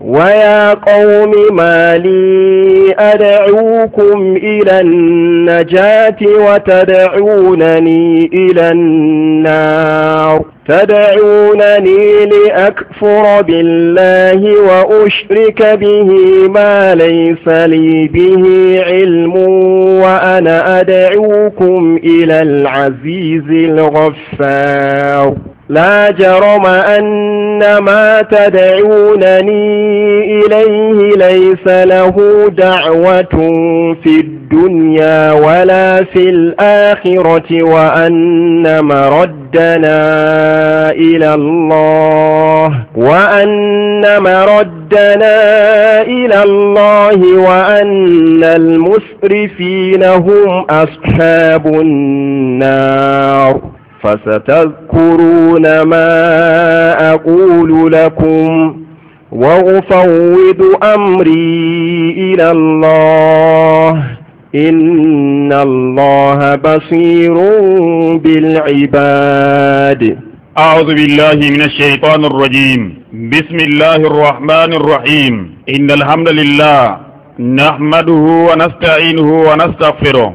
ويا قوم ما لي أدعوكم إلى النجاة وتدعونني إلى النار تدعونني لأكفر بالله وأشرك به ما ليس لي به علم وأنا أدعوكم إلى العزيز الغفار لا جرم أن ما تدعونني إليه ليس له دعوة في الدنيا ولا في الآخرة وأن مردنا إلى الله وأن مردنا إلى الله وأن المسرفين هم أصحاب النار فستذكرون ما أقول لكم وأفوض أمري إلى الله إن الله بصير بالعباد أعوذ بالله من الشيطان الرجيم بسم الله الرحمن الرحيم إن الحمد لله نحمده ونستعينه ونستغفره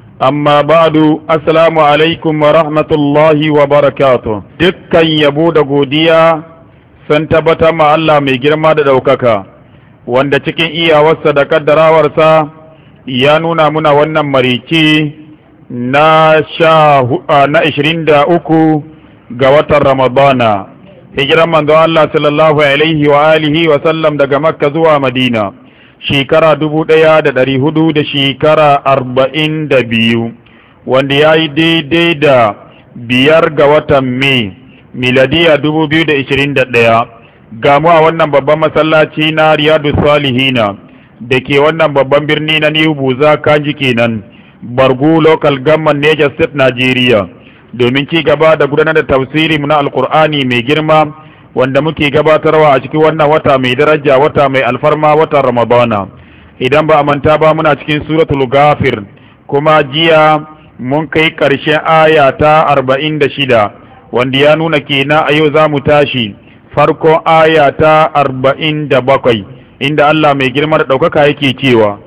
amma ba'du assalamu alaikum wa rahmatullahi wa barakatuh dukkan yabo da godiya san tabbata ma Allah mai girma da ɗaukaka wanda cikin iyawarsa da kaddarawarsa ya nuna muna wannan marici na na ishirin da uku ga watan ramadana hijiran manzo Allah sallallahu alaihi wa alihi wa sallam daga makka zuwa madina shekara dubu ɗaya da ɗari hudu da shekara arba'in da biyu wanda ya yi daidai da biyar ga watan mai miladiya dubu biyu da ishirin da ɗaya gamu a wannan babban masallaci na riyadu salihina da ke wannan babban birni na new buza kanji kenan bargu local gamman niger state nigeria domin ci gaba da gudanar da tafsiri na alkur'ani mai girma wanda muke gabatarwa a cikin wannan wata mai daraja wata mai alfarma wata ramadana idan ba a manta ba muna cikin suratul ghafir kuma jiya mun kai ƙarshen aya ta arba'in da shida wanda ya nuna kenan a yau za mu tashi farkon aya ta arba'in da bakwai inda Allah mai girma da ɗaukaka yake cewa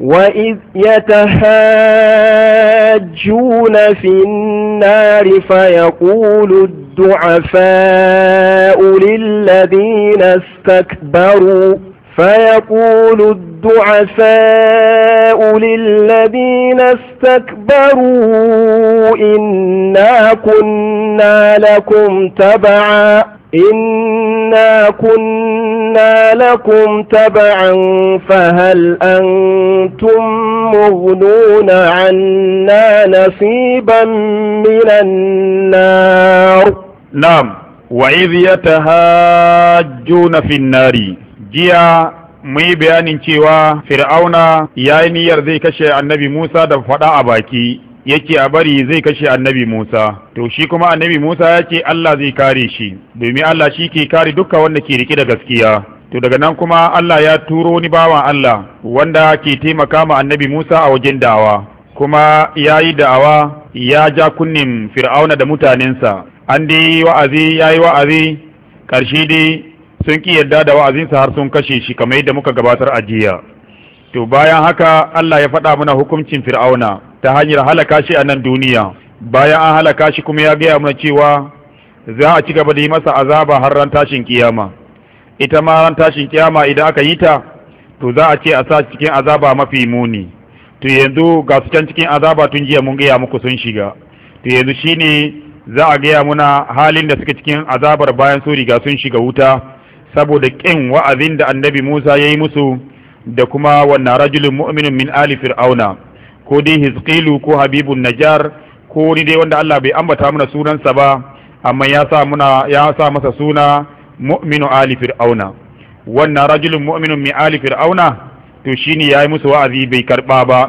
وإذ يتهاجون في النار فيقول الدعفاء للذين استكبروا فيقول الدعفاء للذين استكبروا إنا كنا لكم تبعاً إنا كنا لكم تبعا فهل أنتم مغنون عنا نصيبا من النار نعم وإذ يتهاجون في النار جيا mu yi bayanin cewa fir'auna ya yi niyyar zai kashe annabi musa da faɗa a baki yake a bari zai kashe annabi Musa to shi kuma annabi Musa yake Allah zai kare shi domin Allah shi ke kare dukkan wanda ke rike da gaskiya to daga nan kuma Allah ya turo ni bawan Allah wanda ke taimaka ma annabi Musa a wajen dawa kuma ya yi da'awa ya ja kunnin fir'auna da mutanensa an dai wa'azi ya yi wa'azi ƙarshe dai sun ki yarda da wa'azinsa har sun kashe shi kamar yadda muka gabatar a jiya to bayan haka Allah ya faɗa mana hukuncin fir'auna ta hanyar halaka shi a nan duniya bayan an halaka shi kuma ya gaya mana cewa za a ci gaba da yi masa azaba har ran tashin kiyama ita ma ran tashin kiyama idan aka yi ta to za a ce a sa cikin azaba mafi muni to yanzu ga su can cikin azaba tun jiya mun gaya muku sun shiga to yanzu shine za a gaya muna halin da suke cikin azabar bayan su riga sun shiga wuta saboda kin wa'azin da annabi Musa ya yi musu da kuma wannan rajulun mu'minin min ali fir'auna ko dai hizqilu ko habibun najar ko ni dai wanda Allah bai ambata mana sunansa ba amma ya sa muna ya sa masa suna mu'minu ali fir'auna wannan rajulun mu'minun mi ali fir'auna to shine yayi musu wa'azi bai karba ba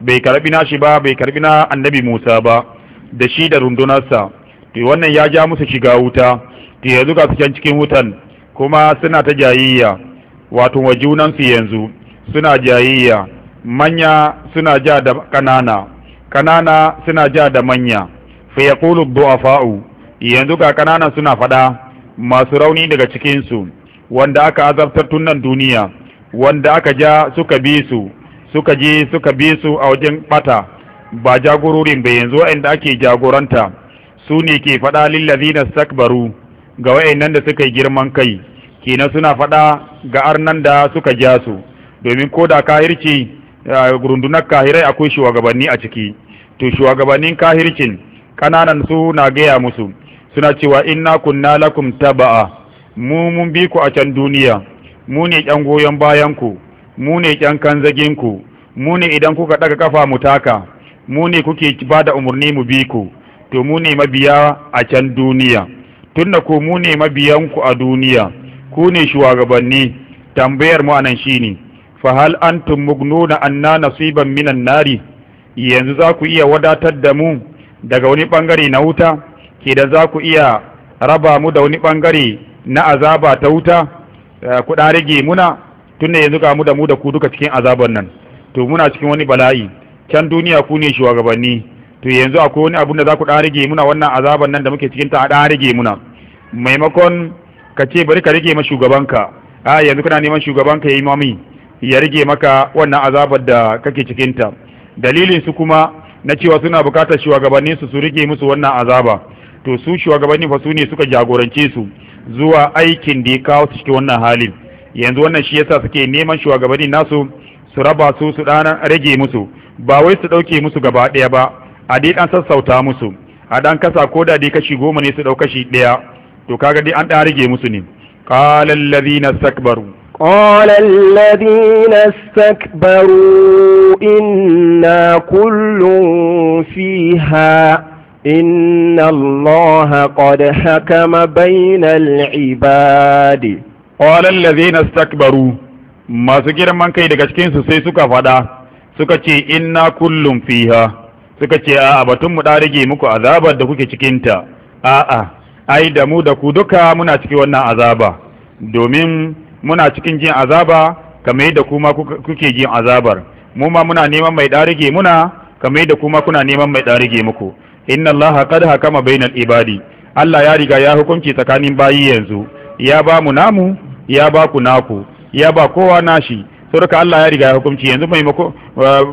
bai karbi na shi ba bai karbi na annabi Musa ba da shi da rundunarsa to wannan ya ja musu shiga wuta to yanzu ga su can cikin wutan kuma suna ta jayayya wato wa su yanzu suna jayayya manya suna ja da kanana kanana suna ja da manya fa yaqulu du'afa'u yanzu ga kanana suna fada masu rauni daga cikin su wanda aka azabtar tun nan duniya wanda aka ja suka bi su suka je suka bi su a wajen bata ba jagororin ba yanzu inda ake jagoranta su ne ke faɗa lillazina stakbaru ga wa'annan da suka yi girman kai kenan suna faɗa ga arnan da suka ja su domin ko da kahirci rundunar kahirai akwai shugabanni a ciki to shugabannin kahircin kananan su na gaya musu suna cewa inna kunna lakum taba'a mu mun bi ku a can duniya mu ne kyan goyon bayan ku mu ne kyan kanzagin ku mu ne idan kuka daga kafa mu taka mu ne kuke ba da umarni mu bi ku to mu ne mabiya a can duniya tunda ku mu ne mabiyan ku a duniya ku ne shugabanni tambayar mu anan shine fa hal antum mugnuna anna nasiban minan nari yanzu za ku iya wadatar da mu daga wani bangare na wuta ke da za ku iya raba mu da wani bangare na azaba ta wuta eh, ku dan rage muna tunda yanzu ga mu da mu da ku duka cikin azaban nan to muna cikin wani bala'i can duniya ku ne shugabanni to yanzu akwai wani abun da za ku dan rage muna wannan azaban nan da muke cikin ta a dan rage muna maimakon ka ce bari ka rage ma shugabanka a ah, yanzu kana neman shugabanka yayi mami ya rage maka wannan azabar da kake cikinta dalilin su kuma na cewa suna bukatar shugabannin su su rige musu wannan azaba to su shugabanni fa su ne suka jagorance su zuwa aikin da ya kawo su cikin wannan halin yanzu wannan shi yasa suke neman shugabanni nasu su raba su su dan rage musu ba wai su dauke musu gaba daya ba a dai dan sassauta musu a dan kasa ko da dai kashi goma ne su dauka shi daya to kaga dai an dan rage musu ne qala alladhina istakbaru قال الذين استكبروا إنا كل فيها إن الله قد حكم بين العباد قال الذين استكبروا ما سكر من كيد كشكين سوسي سكا فدا سكا إنا كل فيها سكا آآ باتم مدارجي مكو عذابا دكوكي شكينتا آآ ai da mu da ku duka muna ciki wannan azaba domin muna cikin jin azaba kamar yadda kuma kuke jin azabar mu ma muna neman mai ɗarige muna kamar yadda kuma kuna neman mai ɗarige muku inna Allah qad hakama bainal ibadi Allah ya riga ya hukunci tsakanin bayi yanzu ya ba mu namu ya ba ku naku ya ba kowa nashi saboda Allah ya riga ya hukunci yanzu mai mako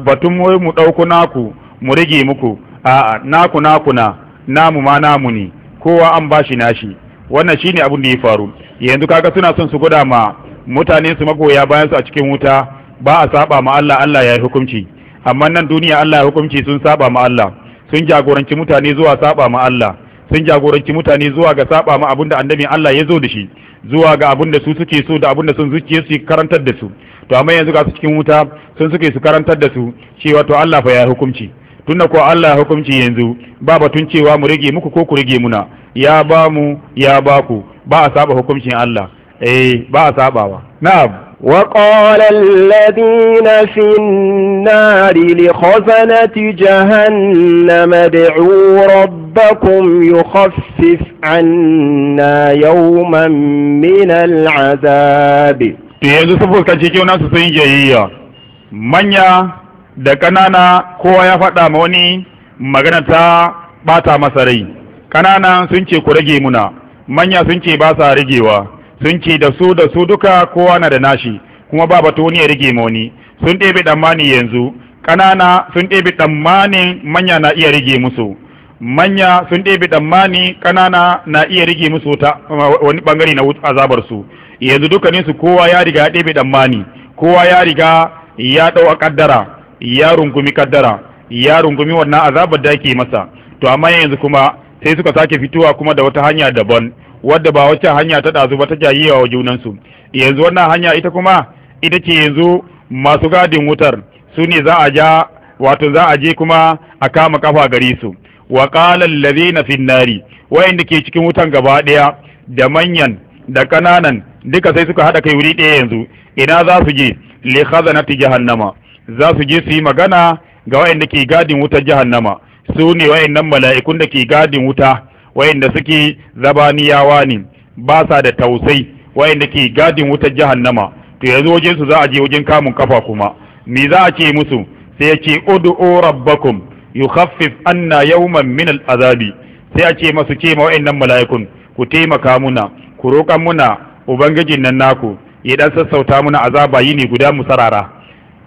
batun mu dauko naku mu rage muku a naku naku na namu ma namu ne kowa an bashi nashi wannan shine abun da ya faru yanzu kaga suna son su guda ma mutane su magoya bayan su a cikin wuta ba a saba ma Allah Allah ya yi hukunci amma nan duniya Allah ya hukunci sun saba ma Allah sun jagoranci mutane zuwa saba ma Allah sun jagoranci mutane zuwa ga saba ma abinda annabi Allah ya zo da shi zuwa ga abinda su suke so da abinda sun zuciye su karantar da su to amma yanzu ga su cikin wuta sun suke su karantar da su cewa to Allah fa ya hukunci tunda ko Allah ya hukunci yanzu ba batun cewa mu rage muku ko ku rage muna ya ba mu ya ba ku ba a saba hukuncin Allah eh ba a sabawa na'am وقال الذين في النار لخزنة جهنم ادعوا ربكم يخفف عنا يوما من العذاب yanzu saboda cikin nasu sun jayayya manya da ƙanana kowa ya faɗa ma wani magana ta ɓata masa rai ƙanana sun ce ku rage muna manya sun ce ba sa rigewa sun ce da su da su duka kowa na da nashi kuma ba batu wani ya rige ma sun ɗebe ɗammani yanzu ƙanana sun ɗebe tsammanin manya na iya rige musu manya sun ɗebe ɗammani ƙanana na iya rige musu ta wani ɓangare na azabar su yanzu dukkanin su kowa ya riga ya ɗebe ɗammani kowa ya riga ya ɗau a ƙaddara ya rungumi ƙaddara ya rungumi wannan azabar da ake masa to amma yanzu kuma sai suka sake fitowa kuma da wata hanya daban wadda ba wacce hanya ta ɗazu ba ta jayewa wa junansu yanzu wannan hanya ita kuma ita ce yanzu masu gadin wutar su ne za a ja wato za a je kuma a kama kafa gare su wa qalan allazina fi nari wayanda ke cikin wutan gaba daya da manyan da kananan duka sai suka hada kai wuri daya yanzu ina za su je li khazanati jahannama za su je su yi magana ga wayanda ke gadin wutar jahannama su ne wayannan mala'ikun da ke gadin wuta wayanda suke zabaniyawa ne ba sa da tausai wayanda ke gadin wutar jahannama to yanzu wajen su za a je wajen kamun kafa kuma me za a ce musu sai ya ce ud'u rabbakum yukhaffif anna yawman min al'azabi sai a ce masu ce ma wayannan mala'ikun ku taimaka muna ku roƙan muna ubangijin nan naku ya sassauta muna azaba ne guda musarara.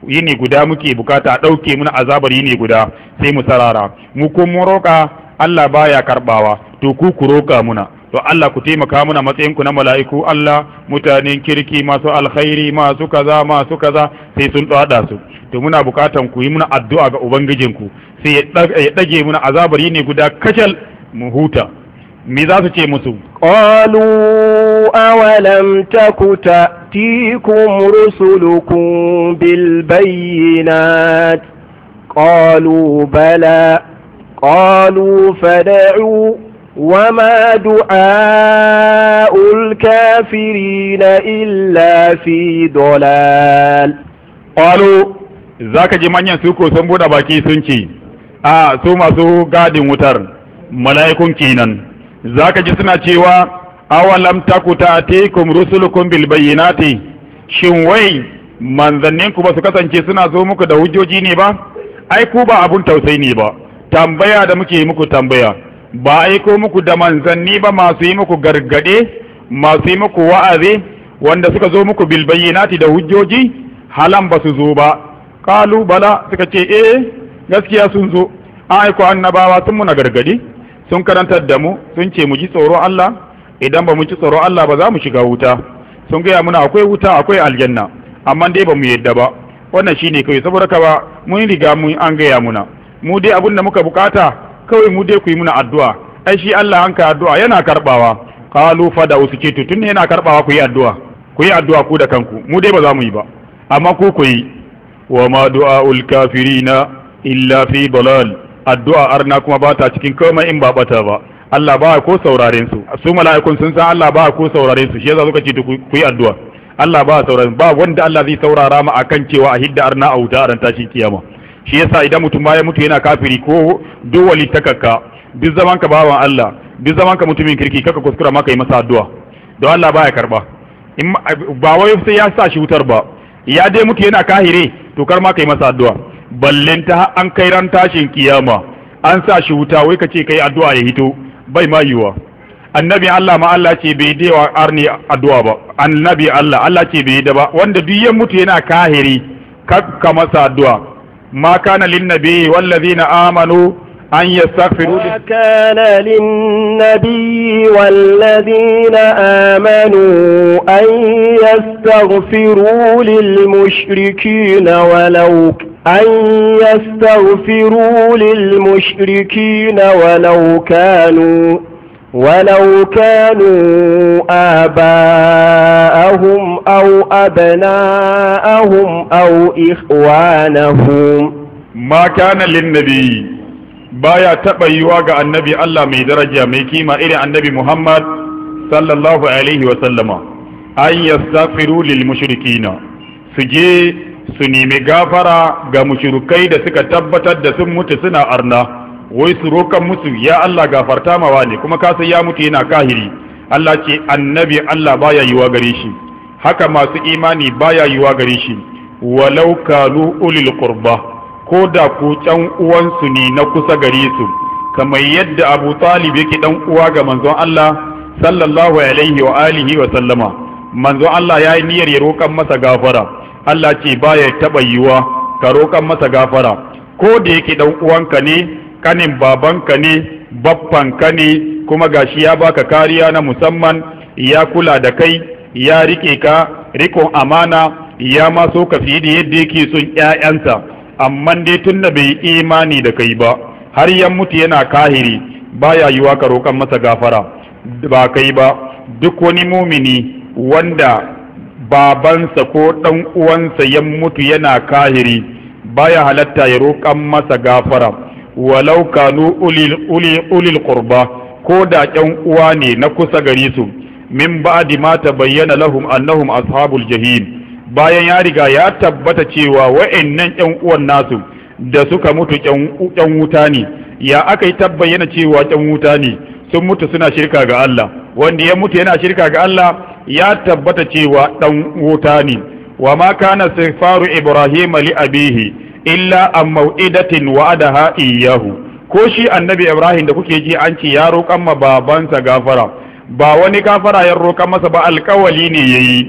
yini guda muke bukata ɗauke muna azabar yini guda sai mu sarara mu ko mun roƙa Allah baya karɓawa to ku ku roƙa muna to Allah ku taimaka muna matsayin ku na mala'iku Allah mutanen kirki masu alkhairi masu kaza masu kaza sai sun dada su to muna bukatan ku yi muna addu'a ga ubangijinku sai ya dage muna azabar yini guda kacal mu huta mi za su ce musu ƙwalu awalam ta kuta tikun rusulukun bilbayyinat ƙwalu bala ƙwalu fada'u wama du'a'ul na illa fi dolal ƙwalu za ka ji manyan ko sun buɗe baki sun ce a su masu gadin wutar mala'ikun kenan. nan zaka ji suna cewa awalam takuta atikum rusulukum bil bayyinati shin wai manzannin ku ba su kasance suna zo muku da hujjoji ne ba ai ku ba abun tausayi ne ba tambaya da muke muku tambaya ba aiko muku da manzanni ba masu yi muku gargade masu yi muku wa'azi wanda suka zo muku bil da hujjoji halan ba su zo ba kalu bala suka ce eh gaskiya sun zo aiko annabawa sun muna gargadi sun karantar da mu sun ce mu ji tsoro Allah idan ba mu ji tsoro Allah ba za mu shiga wuta sun gaya muna akwai wuta akwai aljanna amma dai ba mu yadda ba wannan shine kawai saboda ka ba mun riga mun an gaya muna mu dai abin da muka bukata kawai mu dai ku yi muna addu'a ai shi Allah an ka addu'a yana karbawa qalu fada usikitu tun yana karbawa ku yi addu'a ku yi addu'a ku da kanku mu dai ba za mu yi ba amma ku ku yi wa ma ul kafirina illa fi dalal addu'a arna kuma ba ta cikin komai in ba bata ba Allah ba ko sauraren su su mala'ikun sun san Allah ba ko sauraren su shi yasa suka ce ku yi addu'a Allah ba sauraren ba wanda Allah zai saurara ma akan cewa a hidda arna a wuta ran tashin kiyama shi yasa idan mutum ya mutu yana kafiri ko duk wali takakka duk zaman ka bawan Allah duk zaman ka mutumin kirki kaka kuskura maka yi masa addu'a don Allah ba ya karba ba wai sai ya sa shi wutar ba ya dai mutu yana kahire to kar ma kai masa addu'a ballenta an kai ran tashin kiyama an sa shi wuta wai kace kai addu'a ya hito bai ma yiwa annabi Allah ma Allah ce bai da wa arni addu'a ba annabi Allah Allah ce bai da ba wanda duk ya mutu yana kahiri kakka masa addu'a ما كان للنبي والذين آمنوا أن يستغفروا ما كان للنبي والذين آمنوا أن يستغفروا للمشركين ولو أن يستغفروا للمشركين ولو كانوا ولو كانوا آباءهم أو أبناءهم أو إخوانهم ما كان للنبي بايا تبا واقع النبي الله من درجة ميكيما إلى النبي محمد صلى الله عليه وسلم أن يستغفروا للمشركين سجي su nemi gafara ga mushrikai da suka tabbatar da sun mutu suna arna wai su rokan musu ya Allah gafarta mawa ne kuma ka ya mutu yana kahiri Allah ce annabi Allah baya yiwa gare shi haka masu imani baya yiwa gare shi walau kalu ulil qurba ko da ku can uwansu ne na kusa gare su kamar yadda Abu Talib yake dan uwa ga manzon Allah sallallahu alaihi wa alihi wa sallama manzon Allah ya yi niyyar ya rokan masa gafara Allah ce baya taɓa yiwuwa ka roƙan masa gafara ko da yake ɗan uwanka ne kanin babanka ne baffanka ne kuma gashi ya baka kariya na musamman ya kula da kai ya rike ka rikon amana ya ma so ka fiye da yadda yake son ƴaƴansa amma dai tun da bai imani da kai ba har ya mutu yana kahiri baya yiwa ka roƙan masa gafara ba kai ba duk wani mumini wanda babansa ko ɗan uwansa ya mutu yana kahiri baya halatta ya roƙan masa gafara walau kanu ulil qurba ko da ƴan uwa ne na kusa gari su min ba'di ma tabayyana lahum annahum ashabul jahim bayan ya riga ya tabbata cewa wa'annan ƴan uwan nasu da suka mutu ƴan wuta ne ya aka yi tabbayyana cewa ƴan wuta ne sun mutu suna shirka ga Allah wanda ya mutu yana shirka ga Allah ya tabbata cewa dan wuta ne wa ma kana sifaru ibrahim li abihi illa an mau'idatin wa'adaha iyyahu ko shi annabi ibrahim da kuke ji an ce ya roƙan ma babansa gafara ba wani gafara ya roƙan masa ba alƙawali ne yayi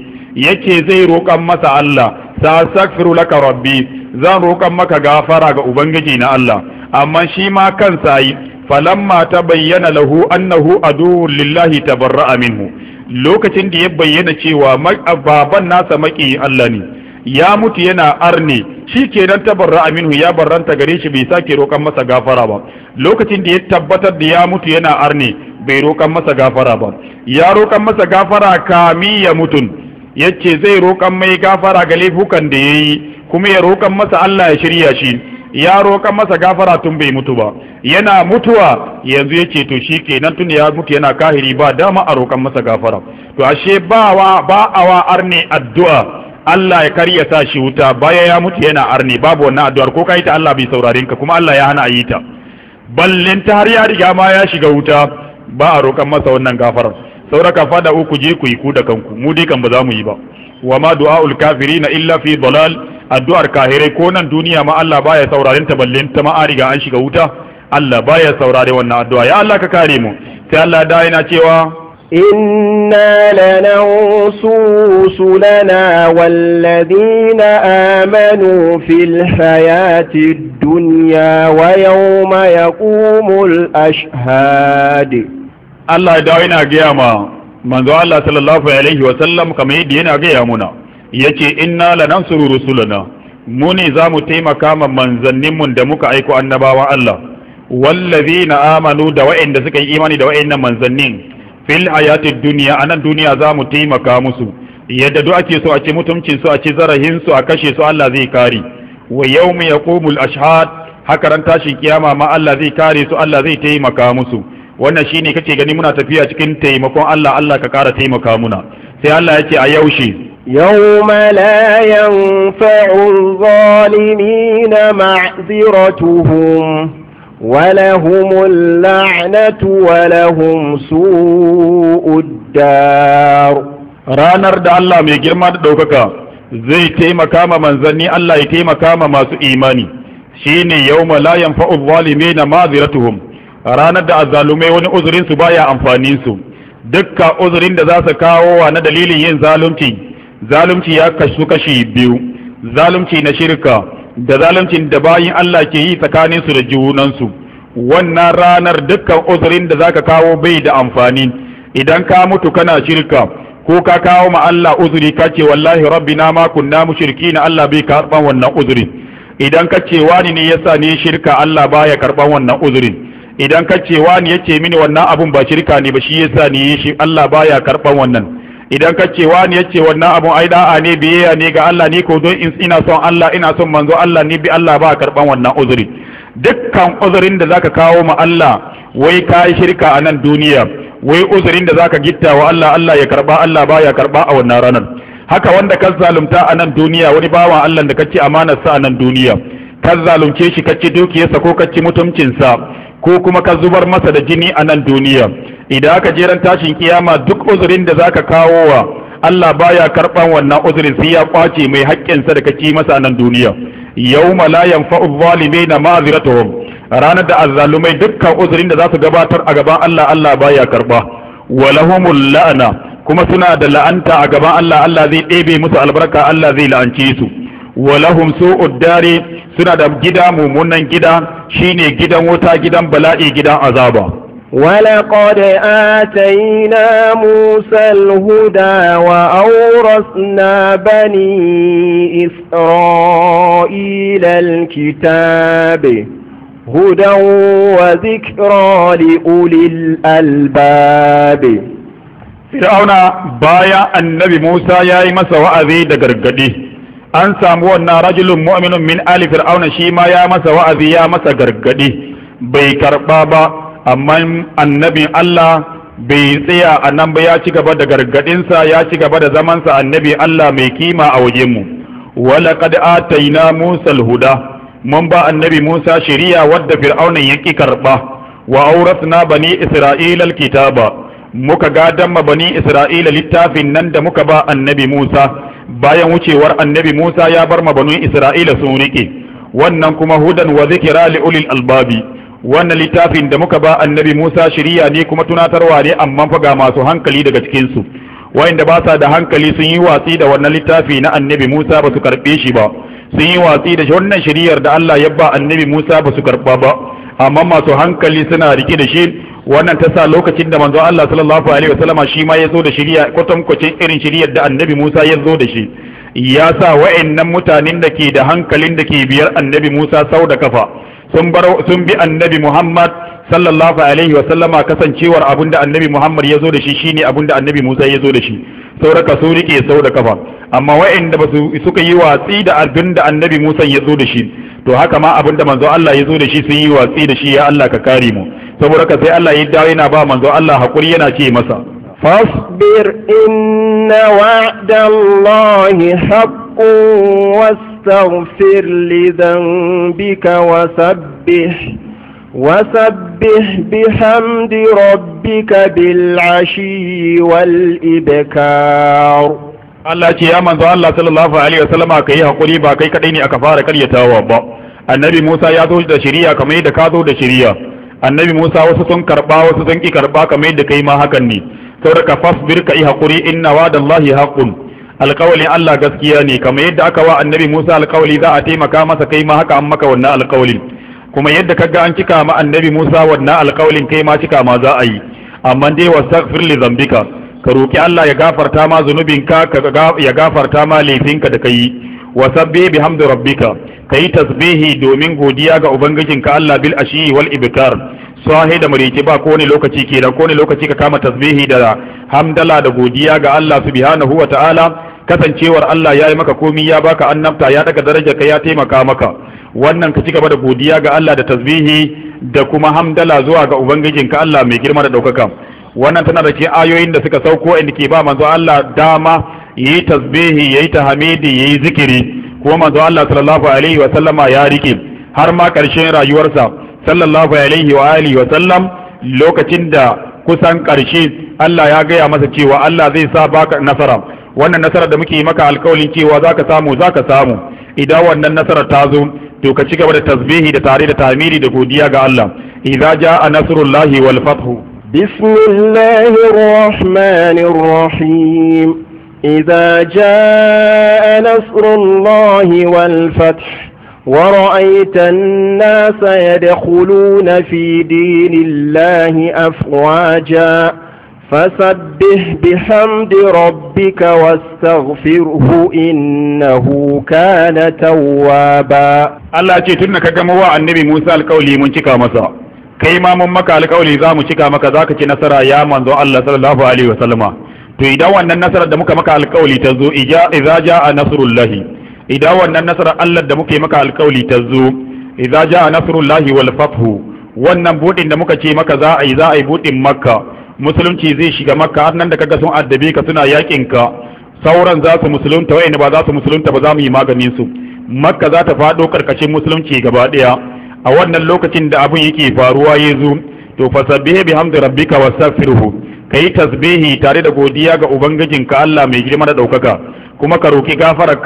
yake zai roƙan masa Allah sa sakfiru laka rabbi zan roƙan maka gafara ga ubangiji na Allah amma shi ma kansa yi falamma ta bayyana lahu annahu aduwwun lillahi tabarra'a minhu lokacin da ya bayyana cewa baban nasa maki Allah ne ya mutu yana arne shi kenan tabarra aminu ya barranta gare shi bai sake roƙan masa gafara ba lokacin da ya tabbatar da ya mutu yana arne bai roƙan masa gafara ba ya roƙan masa gafara kami ya mutun yace zai roƙan mai gafara ga laifukan da yayi kuma ya roƙan masa Allah ya shirya shi ya roƙa masa gafara tun bai mutu ba yana mutuwa yanzu yake to shi kenan tun ya mutu yana kahiri ba dama a masa gafara to ashe ba wa ba awa arne addu'a Allah ya karya sa shi wuta baya ya mutu yana arne babu wannan addu'ar ko kai ta Allah bai saurarin ka kuma Allah ya hana yi ta ballin ta har ya riga ma ya shiga wuta ba a masa wannan gafarar sauraka fada uku je ku yi ku da kanku mu dai kan ba za mu yi ba wa ma du'a du'aul kafiri illa fi dalal addu'ar kahirai ko nan duniya ma Allah baya saurarin ta ballin ta ma riga an shiga wuta Allah baya saurare wannan addu'a ya Allah ka kare mu sai Allah da yana cewa inna lanansu lana walladhina amanu fil hayati dunya wa yawma yaqumul ashhad Allah da yana ga ma manzo Allah sallallahu alaihi wa sallam kamar yadda yana ga muna yace inna lanansuru rusulana mu ne za mu taimaka ma manzanninmu da muka aiko annabawa Allah wallazina amanu da wa'inda suka yi imani da wa'innan manzannin fil hayatid dunya anan duniya za mu taimaka musu yadda duk ake so a ce mutuncin su a ce zarahin su a kashe su Allah zai kare wa yau yaqumul ashhad haka ran tashin kiyama ma Allah zai kare su Allah zai taimaka musu wannan shine kake gani muna tafiya cikin taimakon Allah Allah ka kara taimaka muna sai Allah ya ce a yaushe يوم لا ينفع الظالمين معذرتهم ولهم اللعنة ولهم سوء الدار ranar da Allah mai girma da ɗaukaka zai taimaka ma manzanni Allah ya taimaka ma masu imani shine yawma la yanfa'u zalimina ma'ziratuhum ranar da azzalumai wani uzurin su baya amfanin Dukka dukkan da za su kawo wa na dalilin yin zalunci zalunci ya kasu kashi biyu zalunci na shirka da zaluncin da bayin Allah ke yi tsakanin su da junansu wannan ranar dukkan uzurin da zaka kawo bai da amfani idan ka mutu kana shirka ko ka kawo ma Allah uzuri ka ce wallahi rabbina ma kunna mushrikina Allah bai karban wannan uzuri idan ka ce wani ne yasa ni shirka Allah baya karban wannan uzurin idan ka ce wani yace mini wannan abun ba shirka ne ba shi yasa ni shi Allah baya karban wannan idan ka ce wani ya ce wannan abun ai da'a ne biyayya ne ga Allah ni ko don ina son Allah ina son manzo Allah ni bi Allah ba karban wannan uzuri dukkan uzurin da zaka kawo ma Allah wai ka shirka a nan duniya wai uzurin da zaka gitta wa Allah Allah ya karba Allah ba ya karba a wannan ranar haka wanda ka zalunta a nan duniya wani bawan Allah da kace amanar sa a nan duniya ka zalunce shi kace dukiyarsa ko kace mutuncinsa ko kuma ka zubar masa da jini a nan duniya idan aka jeran tashin kiyama duk uzurin da zaka kawo wa Allah baya karban wannan uzurin sai ya kwace mai sa da kake masa nan duniya yawma la yanfa'u zalimina ma'ziratuhum ranar da azzalumai dukkan uzurin da za su gabatar a gaban Allah Allah baya karba walahumul la'ana kuma suna da la'anta a gaban Allah Allah zai ɗebe musu albarka Allah zai la'ance su walahum su'ud dari suna da gida mummunan gida shine gidan wuta gidan bala'i gidan azaba ولقد آتينا موسى الهدى وأورثنا بني إسرائيل الكتاب هدى وذكرى لأولي الألباب فرعون بايا النبي موسى يا مسا وأذي دقرقدي an samu wannan rajulun mu'minun min ali fir'auna shi ma ya masa wa'azi ya masa gargadi bai karba ba amma annabin Allah bai tsaya a nan ba ya ci gaba da gargadinsa ya ci gaba da zamansa annabi Allah mai kima a wajenmu walaqad atayna Musa al mun ba annabi Musa shari'a wadda fir'auna yake karba wa auratna bani isra'ila alkitaba muka gadan ma bani isra'ila littafin nan da muka ba annabi Musa bayan wucewar annabi Musa ya bar mabanun Isra'ila sun rike wannan kuma hudan wa zikira li ulil albabi wannan littafin da muka ba annabi Musa shiriya ne kuma tunatarwa ne amma fa ga masu hankali daga cikin su wayanda ba sa da hankali sun yi watsi da wannan littafi na annabi Musa ba su karbe shi ba sun yi watsi da wannan shiriyar da Allah ya ba annabi Musa ba su karba ba amma masu hankali suna rike da shi wannan ta sa lokacin da manzo Allah sallallahu alaihi wasallama shi ma ya zo da shiriya kwatankwacin irin shiriyar da annabi Musa ya zo da shi ya sa wa'annan mutanen da ke da hankalin da ke biyar annabi Musa sau da kafa sun bar sun bi annabi Muhammad sallallahu alaihi wasallama kasancewar abin da annabi Muhammad ya zo da shi shine abin da annabi Musa ya zo da shi sauraka su rike sau da kafa amma wa'anda ba su suka yi watsi da abin da annabi Musa ya zo da shi to haka ma abin da manzo Allah ya zo da shi sun yi watsi da shi ya Allah ka kare mu saboda ka sai Allah ya dawo yana ba manzo Allah hakuri yana ce masa fasbir inna wa'dallahi haqqun wastaghfir li dhanbika wasabbih وسبح بحمد ربك بالعشي والإبكار Allah ce ya manzo Allah sallallahu alaihi wasallama kai hakuri ba kai kadai ne aka fara karyatawa ba annabi Musa ya zo da shari'a kamar yadda ka zo da shari'a annabi Musa wasu sun karba wasu sun ki karba kamar yadda kai ma hakan ne saboda ka fasbir ka yi hakuri inna wa'dallahi haqqun alƙawalin Allah gaskiya ne kamar yadda aka wa annabi Musa alƙawali za a taimaka masa kai ma haka an maka wannan alƙawalin kuma yadda kaga an cika ma annabi Musa wannan alƙawalin kai ma cika ma za a yi amma dai wastaghfir li zambika ka roƙi Allah ya gafarta ma zunubinka ka ya gafarta ma laifinka da kai wa sabbi bihamdi rabbika kai tasbihi domin godiya ga ubangijinka Allah bil ashi wal ibkar sahi da mariki ba kowane lokaci ke da kowane lokaci ka kama tasbihi da hamdala da godiya ga Allah subhanahu wa ta'ala kasancewar Allah ya yi maka komi ya baka annabta ya daga darajar ka ya taimaka maka wannan ka ci da godiya ga Allah da tasbihi da kuma hamdala zuwa ga ubangijinka Allah mai girma da daukaka wannan tana da ke ayoyin da suka sauko inda ke ba manzo Allah dama yi tasbihi yayi tahmidi yayi zikiri kuma manzo Allah sallallahu alaihi wa sallama ya rike har ma karshen rayuwarsa sallallahu alaihi wa alihi wa sallam lokacin da kusan karshe Allah ya gaya masa cewa Allah zai sa baka nasara wannan nasara da muke maka alkawalin cewa zaka samu zaka samu idan wannan nasara ta zo to ka ci gaba da tasbihi da tare da tahmidi da godiya ga Allah idza jaa nasrullahi wal fathu بسم الله الرحمن الرحيم إذا جاء نصر الله والفتح ورأيت الناس يدخلون في دين الله أفواجا فسبح بحمد ربك واستغفره إنه كان توابا الله تنك كما النبي موسى القولي منتكا مساء kai ma mun maka alƙawli za mu cika maka zaka ci nasara ya manzo Allah sallallahu alaihi wa sallama to idan wannan nasarar da muka maka alƙawli ta zo idza jaa nasrullahi idan wannan nasarar Allah da muke maka alƙawli ta zo idza jaa nasrullahi wal fathu wannan budin da muka ce maka za a yi za a yi budin makka musulunci zai shiga makka har nan da kaga sun addabe ka suna yakin ka sauran za su musulunta wayanda ba za su musulunta ba za mu yi maganin su makka za ta faɗo karkashin musulunci gaba ɗaya a wannan lokacin da abun yake faruwa ya zo to fasabbih bihamdi rabbika wastaghfirhu kai tasbihi tare da godiya ga ubangijinka Allah mai girma da daukaka kuma ka roki gafara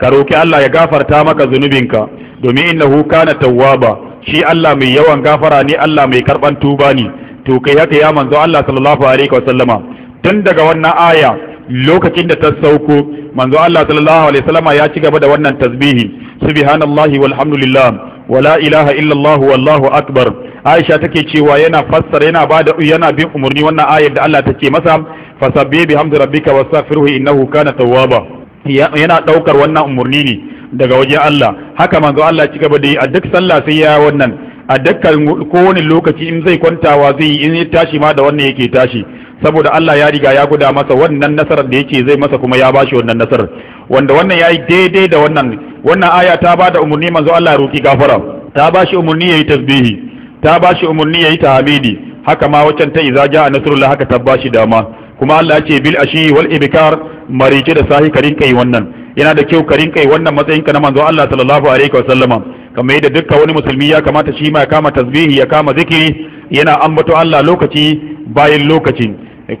ka roki Allah ya gafarta maka zunubinka domin innahu kana tawwaba shi Allah mai yawan gafara ne Allah mai karban tuba ne to kai haka ya manzo Allah sallallahu alaihi wasallama tun daga wannan aya lokacin da ta sauko manzo Allah sallallahu alaihi wasallama ya ci gaba da wannan tasbihi subhanallahi walhamdulillah wala ilaha illallah wallahu akbar aisha take cewa yana fassara yana bada yana bin umarni wannan ayar da Allah take masa fasabbi bihamdi rabbika wastaghfirhu innahu kana tawwaba yana daukar wannan umarni ne daga wajen Allah haka manzo Allah ya ci gaba da yi a duk sallah sai ya wannan a dakkar kowane lokaci in zai kwantawa zai yi in ya tashi ma da wannan yake tashi saboda Allah ya riga ya guda masa wannan nasarar da yake zai masa kuma ya bashi wannan nasarar wanda wannan yayi daidai da wannan wannan aya ta bada umurni manzo Allah roki gafara ta bashi umurni yayi tasbihi ta bashi umurni yayi tahmidi haka ma wacan ta iza ja nasrullah haka ta bashi dama kuma Allah ya ce bil ashi wal ibkar marice da sahi karin kai wannan yana da kyau karin kai wannan matsayin ka na manzo Allah sallallahu alaihi wasallama kamar yadda dukkan wani musulmi ya kamata shi ma ya kama tasbihi ya kama zikiri yana ambato Allah lokaci bayan lokaci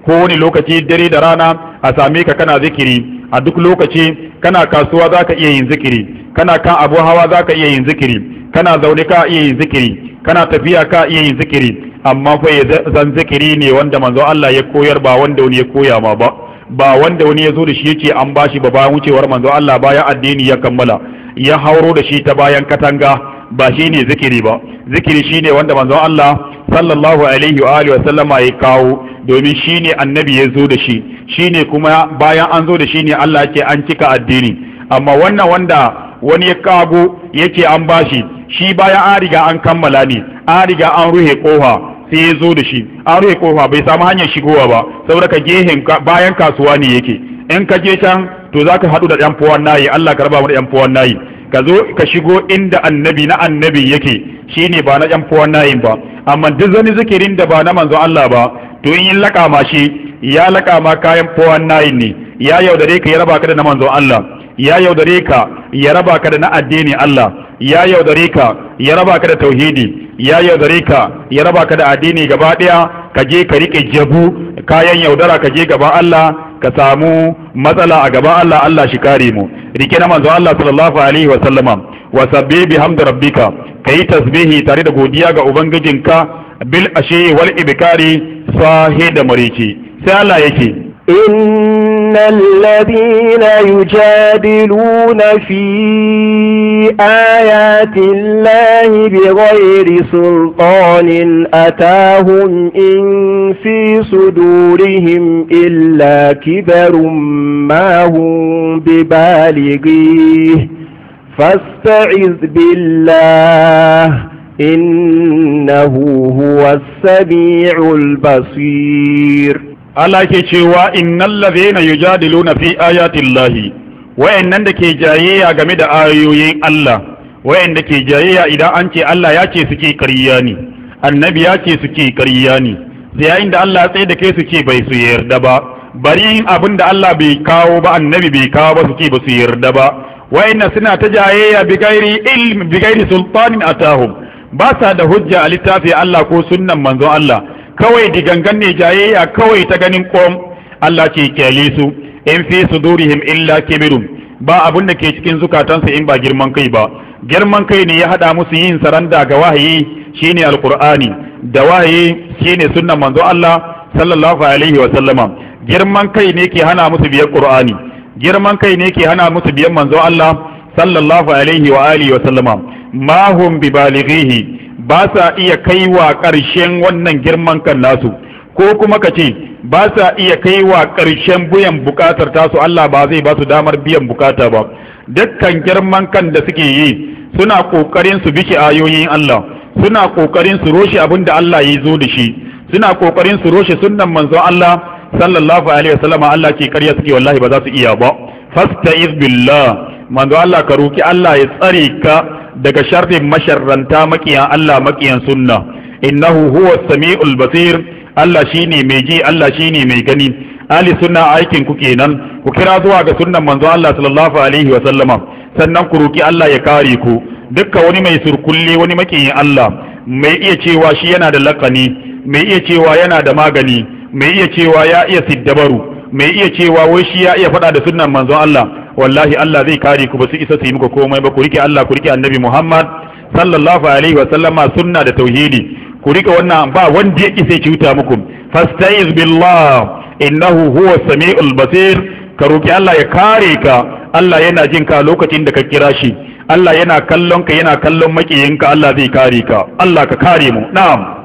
ko wani lokaci dare da rana a same ka kana zikiri a duk lokaci kana kasuwa zaka iya yin zikiri kana kan abu hawa zaka iya yin zikiri kana zaune ka iya yin zikiri kana tafiya ka iya yin zikiri amma fa zan zikiri ne wanda manzo Allah ya koyar ba wanda wani ya koya ma ba ba wanda wani ya zo da shi yace an bashi ba bayan wucewar manzo Allah bayan addini ya kammala ya hauro da shi ta bayan katanga ba shi ne zikiri ba zikiri shi ne wanda manzon Allah sallallahu alaihi wa alihi wa sallama ya kawo domin shi ne annabi ya zo da shi shi ne kuma bayan an zo da shi ne Allah ce an cika addini amma wannan wanda wani ya kago yake an bashi shi bayan an riga an kammala ne an riga an ruhe koha sai ya zo da shi an rufe kofa bai samu hanyar shigowa ba saboda ka gehen bayan kasuwa ne yake in ka je can to za ka haɗu da yan fuwan nayi Allah ka raba mu da ɗan fuwan nayi ka zo ka shigo inda annabi na annabi yake shi ne ba na yan fuwan nayin ba amma duk zani zikirin da ba na manzon Allah ba to in yin ma shi ya laƙa ma kayan fuwan nayin ne ya yaudare ka ya raba ka da na manzon Allah ya yaudare ka ya raba ka da na addini Allah ya yaudare ka ya raba ka da tauhidi ya yaudare ka ya raba ka da addini gaba daya ka je ka rike jabu kayan yaudara ka je gaba Allah ka samu matsala a gaba Allah Allah shi kare mu rike na manzo Allah sallallahu alaihi wa sallama wa sabbi bihamdi rabbika kai tasbihi tare da godiya ga ubangijinka bil ashi wal ibkari sahi da mariki sai Allah yake إن الذين يجادلون في آيات الله بغير سلطان أتاهم إن في صدورهم إلا كبر ما هم ببالغيه فاستعذ بالله إنه هو السميع البصير Allah ke cewa innal ladhina yujadiluna fi ayati llahi wayannan da ke jayayya game da ayoyin Allah wayanda ke jayayya idan an ce Allah ya ce suke ƙarya ne annabi ya ce suke ƙarya ne sai yayin da Allah tsaye da kai suke bai su yarda ba bari yin abin da Allah bai kawo ba annabi bai kawo ba suke ba su yarda ba wayannan suna ta jayayya bi gairi ilm bi gairi sultanin atahum ba sa da hujja a littafi Allah ko sunnan manzon Allah kawai gangan ne jayayya kawai ta ganin kom Allah ce kyale su in fi sudurihim illa kibirum ba abun da ke cikin zukatansu in ba girman kai ba girman kai ne ya hada musu yin saranda ga wahayi shine alqur'ani da wahayi shine sunnan manzo Allah sallallahu alaihi wa sallama girman kai ne ke hana musu biyan qur'ani girman kai ne ke hana musu biyan manzo Allah sallallahu alaihi wa alihi wa sallama ma hum bibalighihi ba sa iya kaiwa ƙarshen wannan girman kan nasu ko kuma ka ce ba sa iya kaiwa ƙarshen biyan bukatar tasu Allah ba zai ba su damar biyan bukata ba dukkan girman kan da suke yi suna ƙoƙarin su bishi ayoyin Allah suna ƙoƙarin su roshe abin da Allah ya zo da shi suna ƙoƙarin su roshe sunnan manzon Allah sallallahu alaihi wasallam Allah ke karya suke wallahi ba za su iya ba fasta'iz billah manzo Allah ka roki Allah ya tsare ka daga sharrin masharranta makiyan Allah makiyan sunna innahu huwa samiul basir Allah shine mai ji Allah shine mai gani ali sunna aikin ku kenan ku kira zuwa ga sunnan manzo Allah sallallahu alaihi wa sallama sannan ku roki Allah ya kare ku dukka wani mai surkulle wani makiyin Allah mai iya cewa shi yana da lakani mai iya cewa yana da magani mai iya cewa ya iya siddabaru mai iya cewa wai shi ya iya faɗa da sunnan manzon Allah wallahi Allah zai kare ku ba su isa su yi muku komai ba ku rike Allah ku rike Annabi Muhammad sallallahu alaihi wa sallama sunna da tauhidi ku rike wannan ba wanda yake sai cuta muku fasta'iz billah innahu huwa samiul basir ka roki Allah ya kare ka Allah yana jin ka lokacin da ka kira shi Allah yana kallon ka yana kallon makiyinka Allah zai kare ka Allah ka kare mu na'am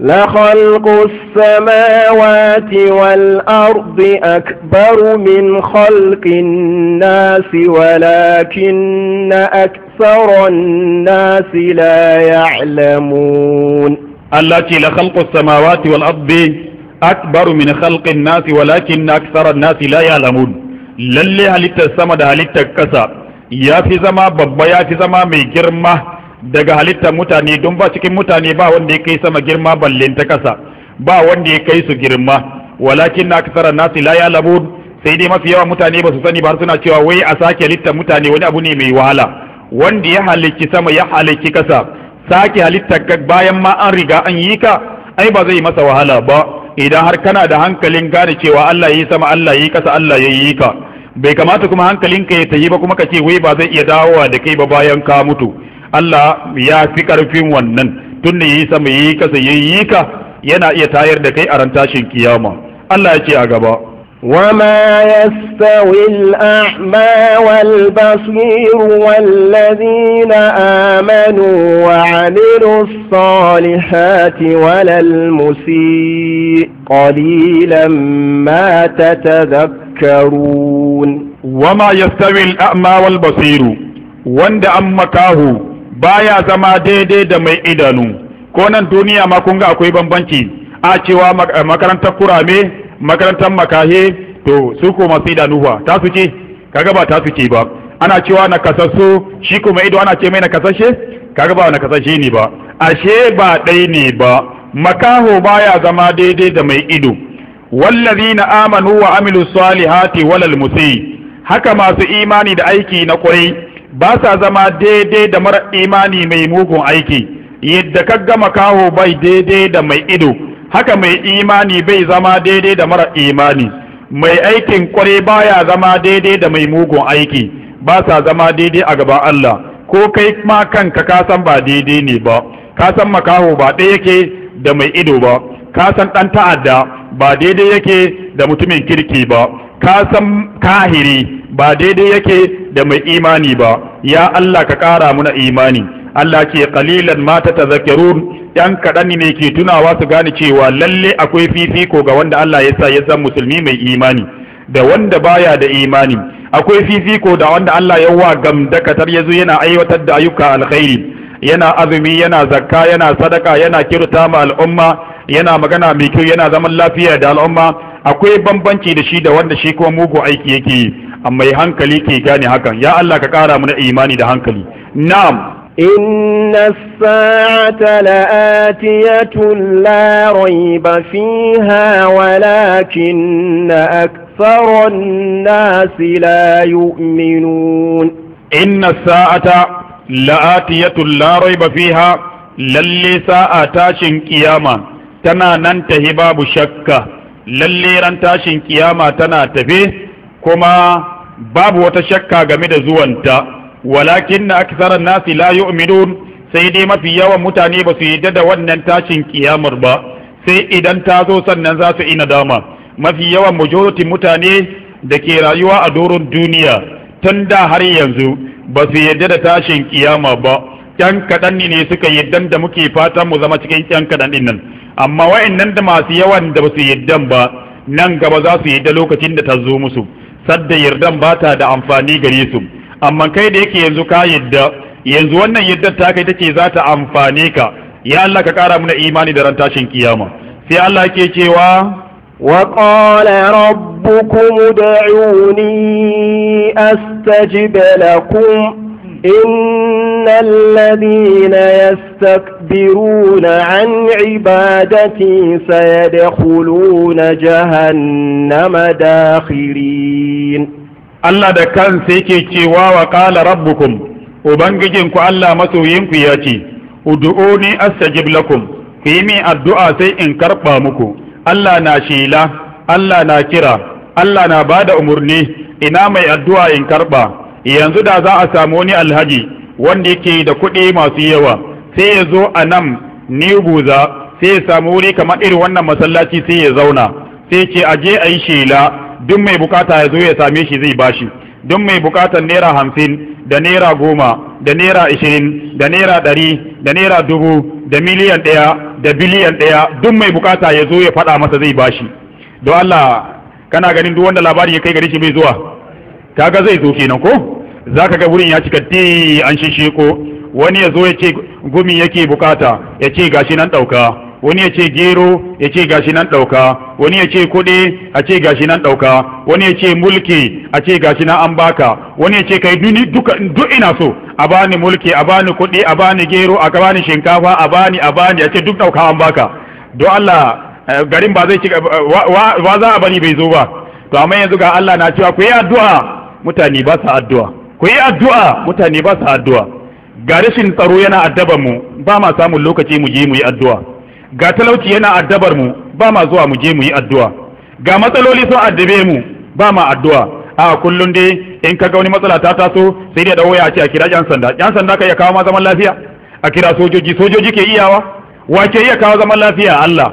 لخلق السماوات والأرض أكبر من خلق الناس ولكن أكثر الناس لا يعلمون التي لخلق السماوات والأرض أكبر من خلق الناس ولكن أكثر الناس لا يعلمون للي هل تسمد هل التكسى يا في زما بابا يا في زما مي جرمه daga halittar mutane don ba cikin mutane ba wanda ya kai sama girma ballin ta kasa ba wanda ya kai su girma walakin na aksara nasi la labu sai dai mafi yawa mutane ba su sani ba suna cewa wai a sake halittar mutane wani abu ne mai wahala wanda ya halicci sama ya halicci kasa sake halittar bayan ma an riga an yi ka ai ba zai masa wahala ba idan har kana da hankalin gane cewa Allah ya yi sama Allah ya yi kasa Allah ya yi ka bai kamata kuma hankalinka ya tayi ba kuma ka ce wai ba zai iya dawowa da kai ba bayan ka mutu Allah ya fi karfin wannan tun da yi sama yi kasa yi ka yana iya tayar da kai a ran tashin kiyama Allah ya ce a gaba وما يستوي الأعمى والبصير والذين آمنوا وعملوا الصالحات ولا المسيء قليلا ما تتذكرون وما يستوي الأعمى والبصير وند أمكاهو baya zama daidai da mai idanu ko nan duniya ma kun ga akwai bambanci a cewa eh, makarantar kurame makarantar makahe to su ko masu idanu ta su ce kaga ba ta su ce ba ana cewa na kasasso shi kuma ido ana ce mai na kasashe kaga ba na kasashe ne ba ashe ba ɗai ne ba makaho baya zama daidai da mai ido wallazina amanu wa amilus salihati walal musi haka masu imani da aiki na kwarai ba sa zama daidai da mara imani mai mugun aiki yadda ka gama kawo bai daidai da mai ido haka mai imani bai zama daidai da mara imani mai aikin kware baya zama daidai da mai mugun aiki ba sa zama daidai a gaban Allah ko kai ma kanka ka san ba daidai ne ba ka san makaho ba ɗaya yake da mai ido ba ka san ɗan ta'adda ba daidai yake da mutumin kirki ba ka san kahiri ba daidai yake da mai imani ba ya Allah ka kara muna imani Allah ce qalilan ma tatazakkarun yan kaɗan ne ke tunawa su gane cewa lalle akwai fifiko ga wanda Allah ya sa ya san musulmi mai imani da wanda baya da imani akwai fifiko da wanda Allah ya wa ya yazo yana aiwatar da ayyuka alkhairi yana azumi yana zakka yana sadaka yana kirta ma al'umma yana magana mai kyau yana zaman lafiya da al'umma akwai bambanci da shi da wanda shi kuma mugu aiki yake yi amma yi hankali ke gane hakan ya Allah ka kara na imani da hankali na'am inna sa'ata la'atiyatun la rayba fiha walakinna aktharun nasi la yu'minun inna sa'ata la'atiyatun la rayba fiha lalle sa'a tashin ƙiyama. tana nan tahi babu shakka lalle ran tashin kiyama tana tafe kuma babu wata shakka game da zuwanta walakin na aksaran nasi la yu'minun sai dai mafi yawan mutane ba su yadda da wannan tashin kiyamar ba sai idan ta zo sannan za su ina dama mafi yawan majority mutane da ke rayuwa a doron duniya tun da har yanzu ba su yadda da tashin kiyama ba yan kaɗan ne suka yadda da muke fatan mu zama cikin yan kaɗan ɗin nan amma wa'annan da masu yawan da basu yaddan ba nan gaba za su yadda lokacin da ta zo musu sadda yardan ba ta da amfani gare su amma kai da yake yanzu ka yadda yanzu wannan yadda ta kai take za ta amfane ka ya Allah ka kara mana imani da ran tashin kiyama sai Allah ke cewa qala rabbukum ud'uni astajib lakum إن الذين يستكبرون عن عبادتي سيدخلون جهنم داخرين الله da kansa yake cewa wa qala rabbukum ubangijinku Allah masoyinku ya ce ud'uni astajib kum, ku yi min addu'a sai in karɓa muku Allah na shila, Allah na kira Allah na bada umurni ina mai addu'a in karɓa. yanzu da za a samu wani alhaji wanda yake da kuɗi masu yawa sai ya zo a nan ni buza sai ya samu wuri kamar irin wannan masallaci sai ya zauna sai ce a je a yi shela duk mai bukata ya zo ya same shi zai bashi duk mai bukatar naira hamsin da naira goma da naira ishirin da naira ɗari da naira dubu da miliyan ɗaya da biliyan ɗaya duk mai bukata ya zo ya faɗa masa zai bashi don Allah kana ganin duk wanda labari ya kai gari shi bai zuwa kaga zai zo kenan ko zaka ga wurin ya cika ti an ko wani ya zo ya ce gumi yake bukata ya ce gashi nan dauka wani ya ce gero ya ce gashi nan dauka wani ya ce kuɗi a ce gashi nan dauka wani ya ce mulki a ce gashi nan an baka wani ya ce kai duni duka duk ina so a bani mulki a bani kuɗi a bani gero a bani shinkafa a bani a bani a ce duk dauka an baka don Allah eh, garin ba zai ci wa za a bari bai zo ba to amma yanzu ga Allah na cewa ku yi addu'a mutane ba sa addu'a ku yi addu'a mutane ba sa addu'a ga rashin tsaro yana addabar mu ba ma samun lokaci mu je mu yi addu'a ga talauci yana addabar mu ba ma zuwa mu je mu yi addu'a ga matsaloli sun addabe mu ba ma addu'a a kullum dai in ka ga wani matsala ta taso sai dai da waya ce a kira yan sanda yan sanda ka iya kawo ma zaman lafiya a kira sojoji sojoji ke iyawa wake iya kawo zaman lafiya Allah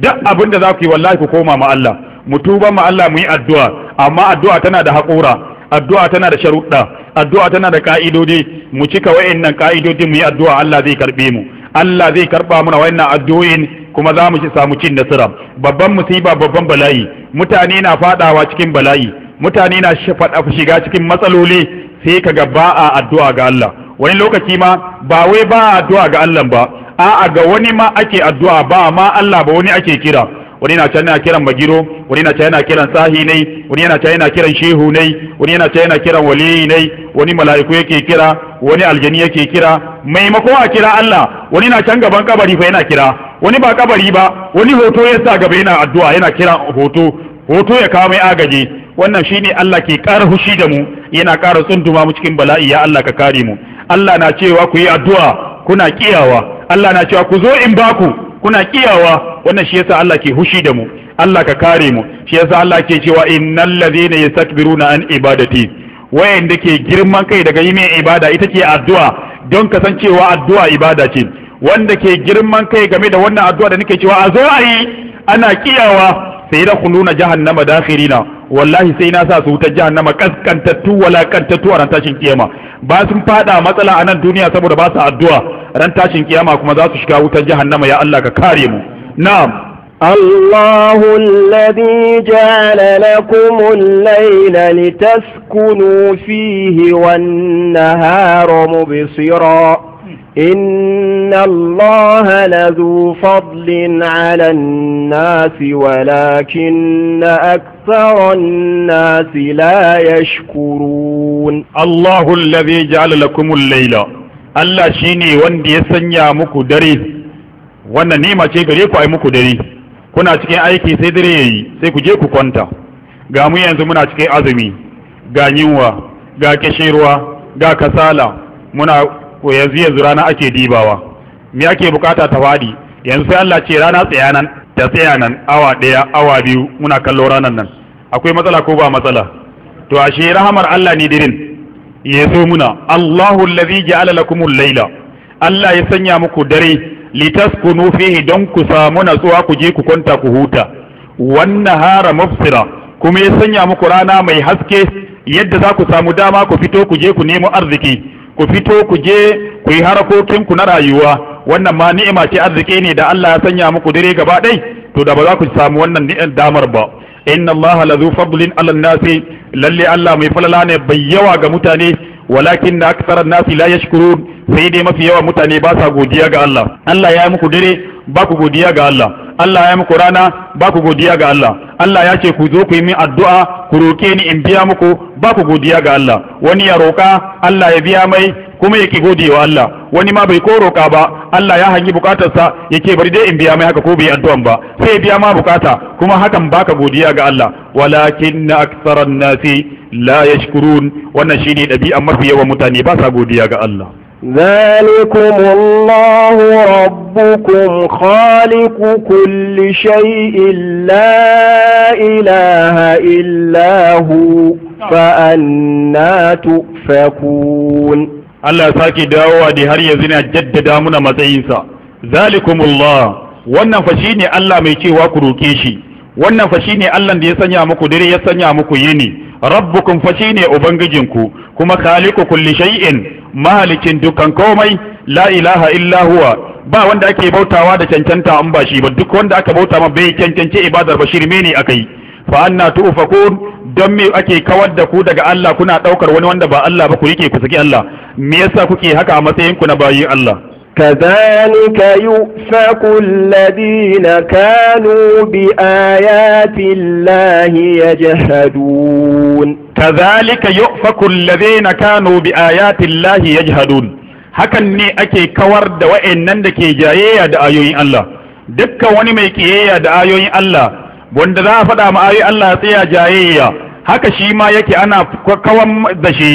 duk abin da za ku yi wallahi ku koma ma Allah mu tuba ma Allah mu yi addu'a amma addu'a tana da haƙura addu'a tana da sharuɗa addu'a tana da ka'idodi mu cika wa'annan ka'idodi mu yi addu'a Allah zai karbe mu Allah zai karba mana wa'annan addu'o'in kuma za mu samu cin nasara babban musiba babban bala'i mutane na fadawa cikin bala'i mutane na shiga cikin matsaloli sai ka ga ba a addu'a ga Allah wani lokaci ma ba wai ba a addu'a ga Allah ba a'a ga wani ma ake addu'a ba ma Allah ba wani ake kira wani yana can yana kiran magiro wani yana can yana kiran sahi ne wani yana can yana kiran shehu ne wani yana can yana kiran wali ne wani mala'iku yake kira wani aljani yake kira maimakon a kira Allah wani na can gaban kabari fa yana kira wani ba kabari ba wani hoto ya sa gaba yana addu'a yana kira hoto hoto ya kawo mai agaji wannan shine Allah ke ƙara hushi da mu yana ƙara tsunduma mu cikin bala'i ya Allah ka kare mu Allah na cewa ku yi addu'a kuna kiyawa Allah na cewa ku zo in baku kuna kiyawa wannan shi yasa Allah ke hushi da mu Allah ka kare mu shi yasa Allah ke cewa innal ladhina yastakbiruna an ibadati wayanda ke girman kai daga yi ibada ita ce addu'a don kasancewa addu'a ibada ce wanda ke girman kai game da wannan addu'a da nake cewa a zo ayi ana kiyawa sai da khuluna jahannama dakhirina wallahi sai na sa su wutar jahannama kaskantattu walakantattu a ran tashin kiyama ba sun fada matsala a nan duniya saboda ba su addu'a ran tashin kiyama kuma za su shiga wutar jahannama ya Allah ka kare mu na'am الله الذي جعل لكم الليل لتسكنوا فيه والنهار مبصرا إن الله لذو فضل على الناس ولكن أكثر أكثر الناس لا يشكرون الله الذي جعل لكم الليل Allah shi ne wanda ya sanya muku dare wannan nima ce gare ku ai muku dare kuna cikin aiki sai dare yayi sai ku je ku kwanta ga mu yanzu muna cikin azumi ga yunwa ga kishirwa ga kasala muna yanzu yanzu rana ake dibawa me ake bukata ta fadi yanzu sai Allah ce rana tsayanan awa daya awa biyu muna kallo ranar nan akwai matsala ko ba matsala to ashe rahamar Allah ne dirin ya zo muna Allahu allazi ja'ala lakumul laila Allah ya sanya muku dare litaskunu fihi don ku samu natsuwa ku je ku kwanta ku huta wan nahara mafsira kuma ya sanya muku rana mai haske yadda za ku samu dama ku fito ku je ku nemo arziki ku fito ku je ku yi harakokin ku na rayuwa wannan ma ni'ima ce arziki ne da Allah ya sanya muku dare gaba ɗaya, to da ba za ku samu wannan damar ba inna allaha lazu fadlin ala nasi lalle Allah mai falala ne bai yawa ga mutane walakin na aksarar nasi la yashkurun sai dai mafi yawa mutane ba sa godiya ga Allah Allah ya yi muku dare ba ku godiya ga Allah Allah ya yi muku rana ba ku godiya ga Allah Allah ya ce ku zo ku yi min addu'a ku roke ni in biya muku ba ku godiya ga Allah wani ya roka Allah ya biya mai kuma yake godewa Allah wani ma bai ko roka ba Allah ya hangi bukatarsa yake bari dai in biya mai haka ko bai addu'an ba sai biya ma bukata kuma hakan baka godiya ga Allah walakin aktsaran nasi la yashkurun wannan shine dabi'a mafi yawan mutane ba sa godiya ga Allah ذلكم الله ربكم خالق كل شيء لا إله إلا هو فأنا تؤفكون Allah sake dawowa da har yanzu na jaddada mana matsayinsa zalikumullah wannan fa shine Allah mai cewa ku roke shi wannan fa ne Allah da ya sanya muku dare ya sanya muku yini rabbukum fa shine ubangijinku kuma khaliqu kulli shay'in malikin dukkan komai la ilaha illa huwa ba wanda ake bautawa da cancanta an ba shi ba duk wanda aka bauta ma bai cancance ibadar ba shirme ne akai fa anna tu'fakun don me ake kawar da ku daga Allah kuna daukar wani wanda ba Allah ba ku rike ku saki Allah me yasa kuke haka a matsayin ku na bayin Allah كذلك يؤفك الذين كانوا بآيات الله يجهدون كذلك يؤفك الذين كانوا بآيات الله يجهدون hakan ne ake kawar da wa'annan da ke jayayya da ayoyin Allah dukkan wani mai kiyayya da ayoyin Allah wanda za a faɗa ma ayoyin Allah tsaya jayayya haka shi ma yake ana kawar da shi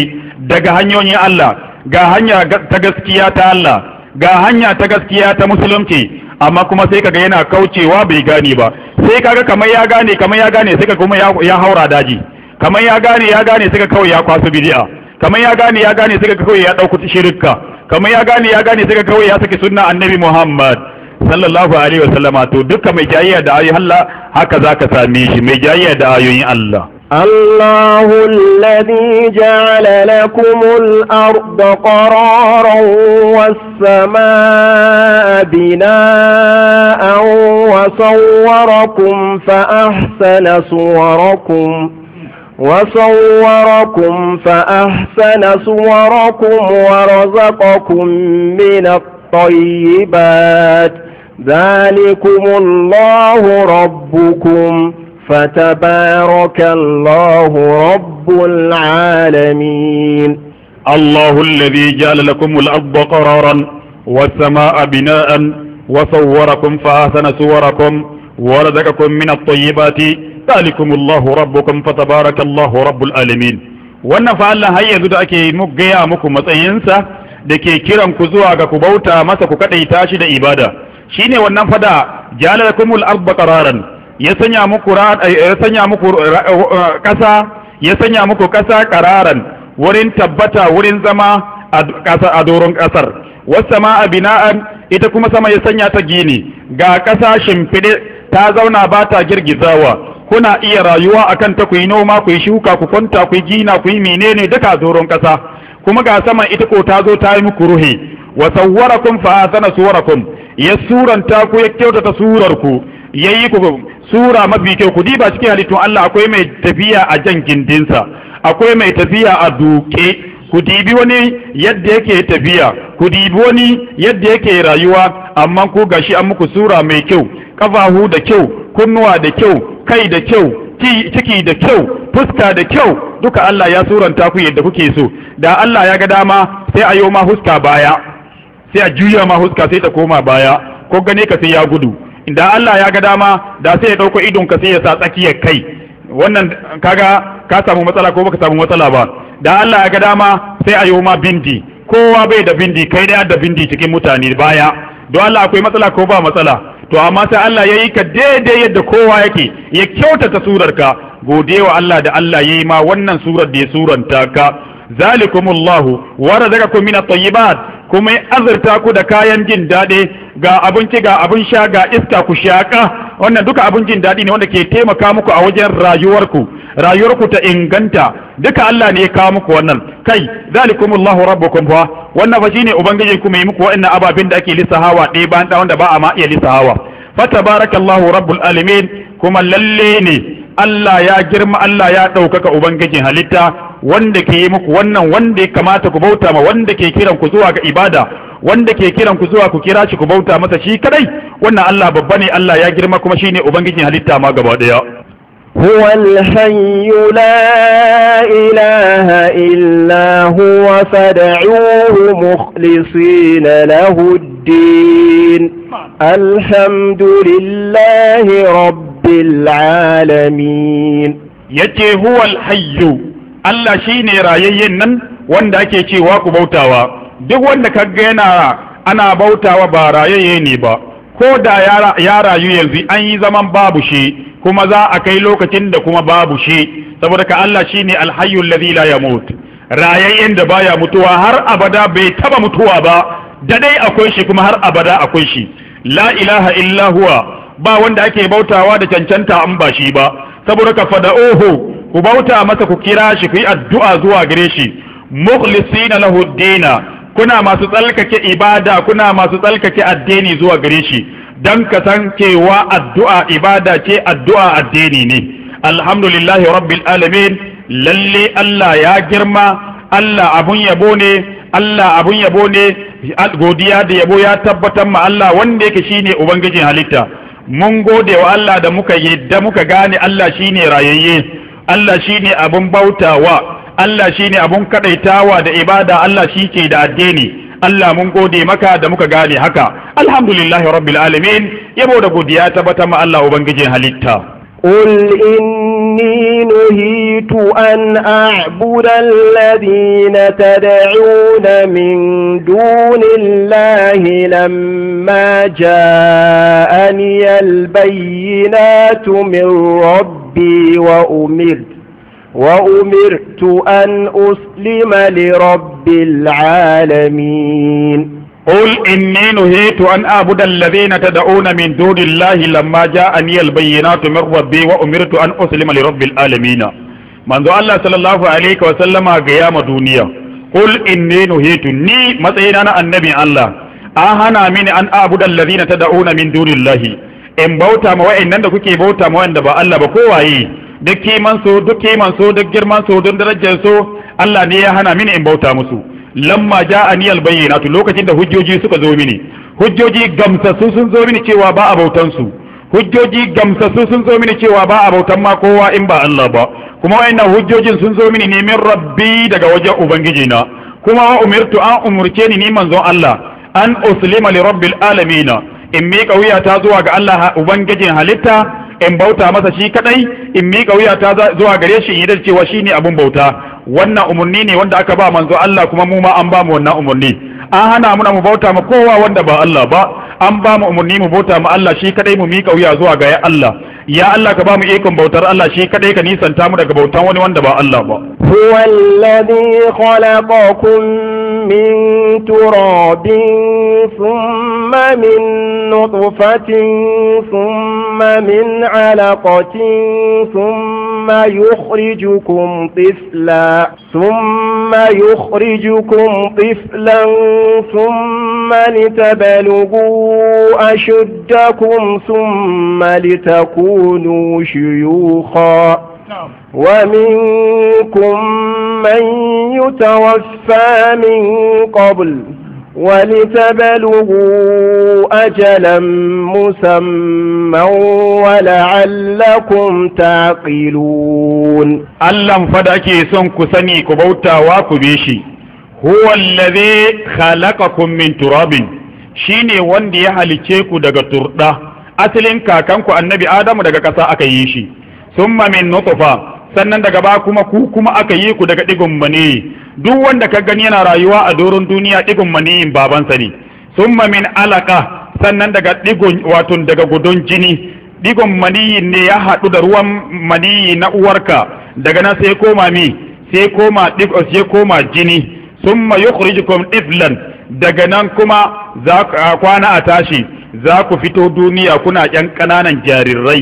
daga hanyoyin Allah ga hanya ta gaskiya ta Allah ga hanya ta gaskiya ta musulunci amma kuma sai kaga yana kaucewa bai gane ba sai kaga kamar ya gane kamar ya gane sai kuma ya haura daji kamar ya gane ya gane sai kawai ya kwaso bid'a kamar ya gane ya gane sai kawai ya dauko shirka kamar ya gane ya gane sai kawai ya saki sunna annabi Muhammad sallallahu alaihi wasallama to dukkan mai jayayya da ayoyin Allah haka zaka same shi mai jayayya da ayoyin Allah الله الذي جعل لكم الأرض قرارا والسماء بناء وصوركم فأحسن صوركم وصوركم فأحسن صوركم ورزقكم من الطيبات ذلكم الله ربكم فتبارك الله رب العالمين الله الذي جعل لكم الأرض قرارا والسماء بناء وصوركم فأحسن صوركم ورزقكم من الطيبات ذلكم الله ربكم فتبارك الله رب العالمين wannan fa Allah har yanzu da ake gaya muku matsayinsa da ke kiran ku zuwa ga ku bauta masa ku kadaita shi da ibada shine wannan fada jalalakumul arba qararan ya sanya muku ya sanya kasa ya sanya muku kasa eh, eh, kararan wurin tabbata wurin zama a doron kasar a bina'an ita kuma sama ya sanya ta gini ga kasa shimfide ta zauna ba ta girgizawa kuna iya rayuwa akan ta ku yi noma ku yi shuka ku kwanta ku yi gina ku yi menene duka a doron kasa kuma ga sama ita ko ta zo ta yi muku ruhi wa sawwarakum fa asana suwarakum ya suranta ku ya kyautata surarku. yayi ku sura mafi kyau ku diba cikin halittun Allah akwai mai tafiya a jan gindinsa akwai mai tafiya a duke ku dibi wani yadda yake tafiya ku dibi wani yadda yake rayuwa amma ku gashi an muku sura mai kyau kafahu da kyau kunnuwa da kyau kai da kyau ciki da kyau fuska da kyau duka Allah ya suranta ku yadda kuke so da Allah ya ga dama sai a yo ma huska baya sai a juya ma huska sai ta koma baya ko gane ka sai ya gudu inda Allah ya ga dama da sai ya dauko idon ka sai ya sa tsakiyar kai wannan kaga ka samu matsala ko baka samu matsala ba da Allah ya ga dama sai a yi ma bindi kowa bai da bindi kai da da bindi cikin mutane baya don Allah akwai matsala ko ba matsala to amma sai Allah ya yi ka daidai yadda kowa yake ya kyautata surarka godewa Allah da Allah yayi ma wannan surar da ya suranta ka zalikumullahu wa razaqakum min at-tayyibat kuma ya azurta ku da kayan jin daɗi ga abinci ga abin sha ga iska ku shaƙa wannan duka abin jin daɗi ne wanda ke taimaka muku a wajen rayuwarku rayuwarku ta inganta duka Allah ne ya kawo muku wannan kai zalikumullahu rabbukum fa wannan fa shine ubangijin ku mai muku wa'annan ababen da ake lissahawa ɗaya bayan ɗaya wanda ba a ma iya lissahawa fa tabarakallahu rabbul alamin kuma lalle ne Allah ya girma Allah ya ɗaukaka ubangijin halitta wanda ke yi muku wannan wanda ya kamata ku bauta ma wanda ke kiran ku zuwa ga ibada wanda ke kiran ku zuwa ku kira shi ku bauta masa shi kadai wannan Allah babba ne Allah ya girma kuma shine ubangijin halitta ma gaba daya هو الحي لا إله إلا هو فادعوه مخلصين له الدين الحمد لله رب العالمين huwal هو الحي الله شيني رايين وان داكي شي واكو بوتاوا duk wanda kaga yana ana bautawa ba rayayye ne ba ko da ya rayu yanzu an yi zaman babu shi kuma za a kai lokacin da kuma babu shi saboda ka Allah shine alhayyu alladhi la yamut rayayyen da baya mutuwa har abada bai taba mutuwa ba da dai akwai shi kuma har abada akwai shi la ilaha illa huwa ba wanda ake bautawa da cancanta an ba shi ba saboda ka fada'uhu ku bauta masa ku kira shi ku yi addu'a zuwa gare shi mukhlisina lahu dina kuna masu tsalkake ibada kuna masu tsalkake addini zuwa gare shi dan ka san cewa addu'a ibada ce addu'a addini ne alhamdulillahi rabbil alamin lalle Allah ya girma Allah abun yabo ne Allah abun yabo ne godiya da yabo ya tabbatar ma Allah wanda yake shine ubangijin halitta mun gode wa Allah da muka da muka gane Allah shine rayayye Allah shine abun bautawa Allah shine abun kaɗaitawa da ibada Allah shi ke da addini Allah mun gode maka da muka gane haka alhamdulillahi rabbil alamin yabo da godiya tabbatar ma Allah ubangijin halitta قل إني نهيت أن أعبد الذين تدعون من دون الله لما جاءني البينات من ربي وأمرت وأمرت أن أسلم لرب العالمين قل إني نهيت أن أعبد الذين تدعون من دون الله لما جاءني البينات من ربي وأمرت أن أسلم لرب العالمين منذ الله صلى الله عليه وسلم قيام دنيا قل إني نهيت ني متينا النبي الله أهنا من أن أعبد الذين تدعون من دون الله إن بوتا ما وإن نندكوكي بوتا ما وإن دبا الله بكوهي duk kiman duk kiman duk girman su duk darajar su Allah ne ya hana mini in bauta musu lamma ja'ani albayyinatu lokacin da hujjoji suka zo mini hujjoji gamsassu sun zo mini cewa ba a bautan su hujjoji gamsassu sun zo mini cewa ba a bautan ma kowa in ba Allah ba kuma wayannan hujjojin sun zo mini ne min rabbi daga wajen ubangiji na kuma wa umirtu an umurce ni ni manzon Allah an uslima li rabbil alamin in mika wuya ta zuwa ga Allah ubangijin halitta in bauta masa shi kadai in miƙa wuya ta zuwa gare shi in cewa ne abun bauta wannan umarni ne wanda aka ba manzo Allah kuma mu ma an ba mu wannan umarni an hana muna mu bauta ma kowa wanda ba Allah ba an ba mu umurni mu bauta ma Allah shi kadai mu miƙa wuya zuwa ga Allah ka الله كبام إيكم بوتر الله شيء كده كنيسان تامو دك بوتان وني وان دبا ba. با هو الذي خلقكم من تراب ثم من نطفة ثم من علقة ثم يخرجكم طفلا ثم يخرجكم طفلا ثم لتبلغوا أشدكم ثم لتكونوا شيوخا نعم ومنكم من يتوفى من قبل ولتبلغوا أجلا مسمى ولعلكم تعقلون ألم فدأكي سنك سني كبوتا واكبيشي هو الذي خلقكم من تراب shine wanda ya halice ku daga turda asalin kakanku annabi adamu daga ƙasa aka yi shi summa min nutfa sannan daga ba kuma ku kuma aka yi ku daga digon mani duk wanda ka gani yana rayuwa a doron duniya digon maniyi babansa ne summa min alaka sannan daga digon wato daga gudun jini digon mani ne ya haɗu da ruwan maniyi na uwarka daga nan sai koma mi sai koma digo sai koma jini summa yukhrijukum iflan daga nan kuma za kwana a tashi za ku fito duniya kuna yan ƙananan jarirai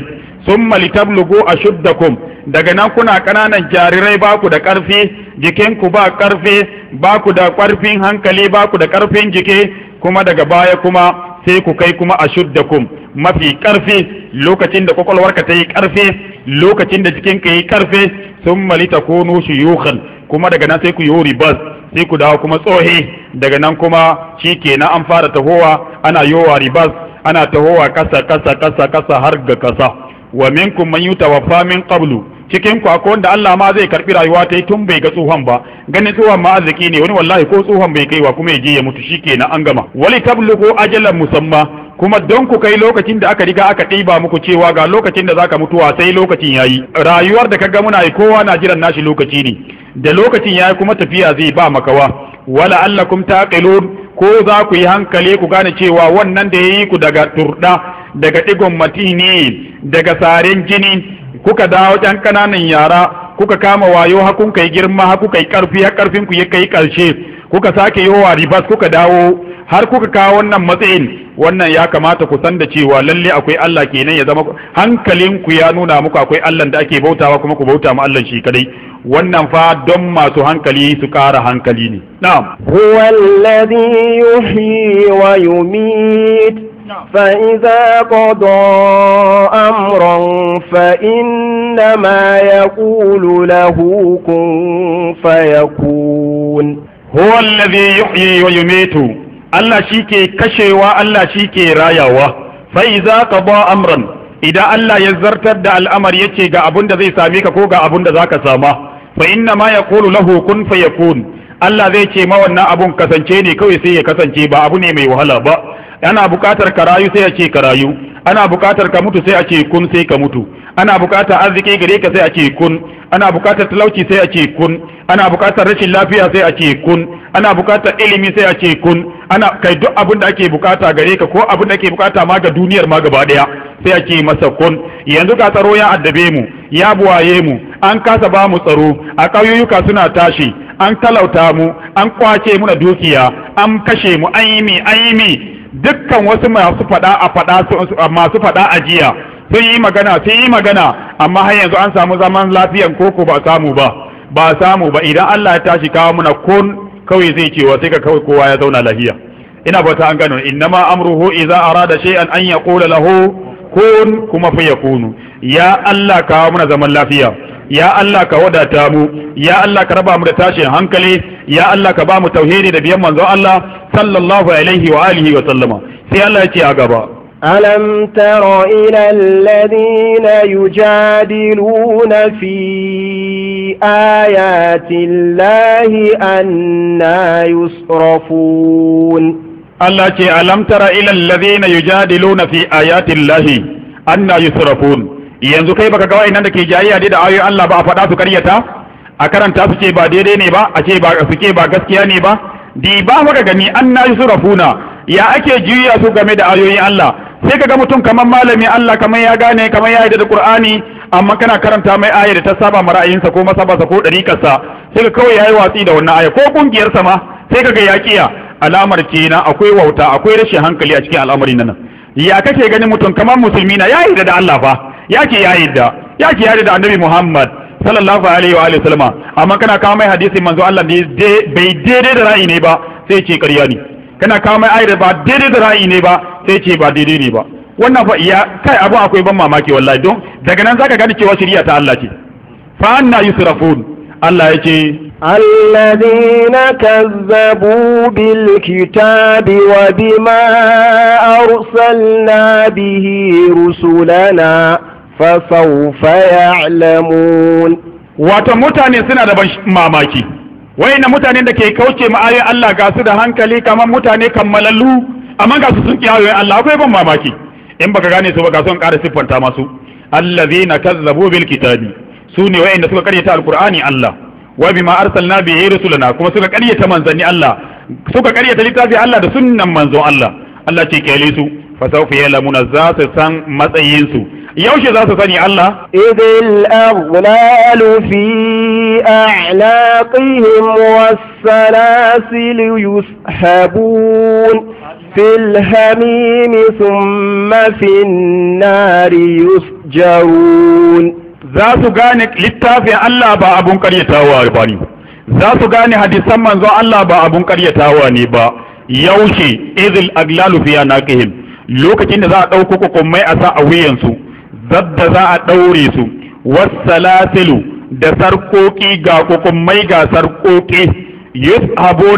summa litablugu ashuddakum daga nan kuna ƙananan jarirai ba ku da ƙarfi jikinku ba ƙarfi ba ku da ƙarfin hankali ba ku da ƙarfin jiki kuma daga baya kuma sai ku kai kuma a shudda ku mafi ƙarfi lokacin da kwakwalwarka ta yi ƙarfi lokacin da jikinka yi ƙarfi sun malita nushi shuyukhan kuma daga nan sai ku yi bas sai ku dawo kuma tsohi daga nan kuma shi kenan an fara tahowa ana yowa ribas ana tahowa kasa kasa kasa kasa har ga kasa wa minkum man yutawaffa min qablu cikin ku akwai wanda Allah ma zai karbi rayuwa ta tun bai ga tsohon ba Gani tsohon ma arziki ne wani wallahi ko tsohon bai kaiwa kuma ya je ya mutu shikenan an gama wali tablugu ajalan musamma kuma don ku kai lokacin da aka riga aka ɗiba muku cewa ga lokacin da zaka mutuwa sai lokacin yayi rayuwar da ka ga muna yi kowa na jiran nashi lokaci ne da lokacin yayi kuma tafiya zai ba makawa wala allakum taqilun ko za ku yi hankali ku gane cewa wannan da yayi ku daga turda daga digon matini daga sarin jini kuka dawo ɗan kananan yara kuka kama wayo kun kai girma kuka yi karfi har karfin ku ya kai karshe kuka sake yowa ribas kuka dawo har kuka kawo wannan matsayin wannan ya kamata ku san da cewa lalle akwai Allah kenan ya zama hankalin ku ya nuna muku akwai Allah da ake bautawa kuma ku bauta mu Allah shi kadai wannan fa don masu hankali su kara hankali ne na'am huwa alladhi yuhyi wa yumit فإذا قضى أمرا فإنما يقول له كن فيكون هو الذي يحيي ويميت الله شيكي كشيوا الله شيكي رايوا فإذا قضى أمرا إذا الله يزرتر دا الأمر يتي غا أبون دا زي ساميك كو غا أبون دا ذاك ساما فإنما يقول له كن فيكون Allah zai ce ma wannan abun kasance ne kawai sai ya kasance ba abu ne mai wahala ba ana bukatar ka rayu sai a ce ka rayu ana buƙatar ka mutu sai a ce kun sai ka mutu ana bukatar arziki gare ka sai a ce kun ana buƙatar talauci sai a ce kun ana buƙatar rashin lafiya sai a ce kun ana buƙatar ilimi sai a ce kun ana kai duk abin da ake buƙata gare ka ko abin da ake buƙata ma ga duniyar ma gaba daya sai a ce masa kun yanzu ka tsaro ya addabe mu ya buwaye mu an kasa ba mu tsaro a ƙauyuka suna tashi an talauta mu an kwace mu na dukiya an kashe mu an yi mi an yi mi dukkan wasu masu fada a fada masu fada a jiya sun yi magana sun yi magana amma har yanzu an samu zaman lafiyan koko ba samu ba ba samu ba idan Allah ya tashi kawo muna kun kawai zai cewa sai ka kawai kowa ya zauna lafiya ina bata an gano innama amruhu idza arada shay'an an yaqula lahu kun kuma fa yakunu ya Allah kawo muna zaman lafiya ya Allah ka wadata mu ya Allah ka raba mu da tashin hankali ya Allah ka ba mu tauhidi da biyan manzon Allah sallallahu alaihi wa alihi wa sallama sai Allah ya ce a gaba ألم تر إلى الذين يجادلون في آيات الله أنا يصرفون الله ألم تر إلى الذين يجادلون في آيات الله أنا يصرفون yanzu kai baka ga wa'annan da ke jayayya dai da ayoyin Allah ba a faɗa su karyata a karanta su ce ba daidai ne ba a ce ba ba gaskiya ne ba di ba maka gani an na yi surafuna ya ake juya su game da ayoyin Allah sai ka ga mutum kamar malami Allah kamar ya gane kamar ya yarda da Qur'ani amma kana karanta mai aya da ta saba ma ra'ayinsa ko masabarsa ko dariƙarsa sai ka kawai yayi watsi da wannan aya ko sa ma sai ka ga yaƙiya alamar kenan akwai wauta akwai rashin hankali a cikin al'amarin nan ya kake ganin mutum kamar musulmi na ya yarda da Allah fa yake ya da yake ya da annabi Muhammad sallallahu alaihi wa alihi sallama amma kana kawo mai hadisi manzo Allah ne bai daidai da ra'ayi ne ba sai ce ƙarya ne kana kawo mai da ba daidai da ra'ayi ne ba sai ce ba daidai ne ba wannan fa iya kai abu akwai ban mamaki wallahi don daga nan zaka gani cewa shari'a ta Allah ce fa anna yusrafun Allah yake الذين كذبوا بالكتاب وبما أرسلنا به رسلنا fasawfa ya'lamun wato mutane suna da ban mamaki Wai na mutanen da ke kauce ma ayoyin Allah ga su da hankali kamar mutane kammalallu amma ga su sun ki ayoyin Allah akwai ban mamaki in baka gane su ba ga ƙara siffanta masu allazina kazzabu bil kitabi sune wayanda suka karyata alqur'ani Allah wa bima arsalna bihi rusulana kuma suka karyata manzanni Allah suka karyata littafi Allah da sunnan manzon Allah Allah ce kyale su fa sawfa yalamuna za su san matsayin su yaushe za su sani Allah idil aghlalu fi a'laqihim was-salasil yushabun في الهميم sun mafi النار jarun. za su gane littafin Allah ba abun karyatawa ba ne za su gane hadisan manzo Allah ba abun karyatawa ne ba yaushe izil aglalu fi naqihim lokacin da za a ɗauko kokomai a sa a wuyansu zabda za a ɗaure su wasalasilu da sarƙoƙi ga kukummai ga sarƙoƙi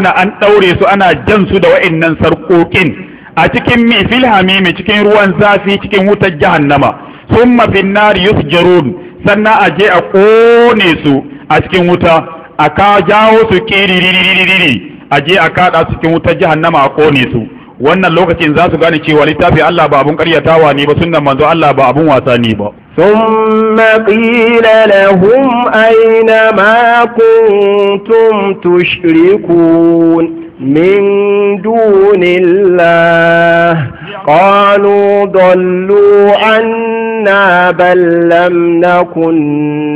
na an ɗaure su ana jan su da wa'innan sarƙoƙin a cikin mai fil hamimi cikin ruwan zafi cikin wutar jahannama summa nari yus jarun sannan a je a kone su a cikin wuta a ka jawo su kiri a je a kaɗa cikin wutar jahannama a ƙone su wannan lokacin za su gane cewa littafi Allah ba abun karyatawa ne ba sunnan manzo Allah ba abun wasa ne ba ثم قيل لهم أين ما كنتم تشركون من دون الله قالوا ضلوا عنا بل لم نكن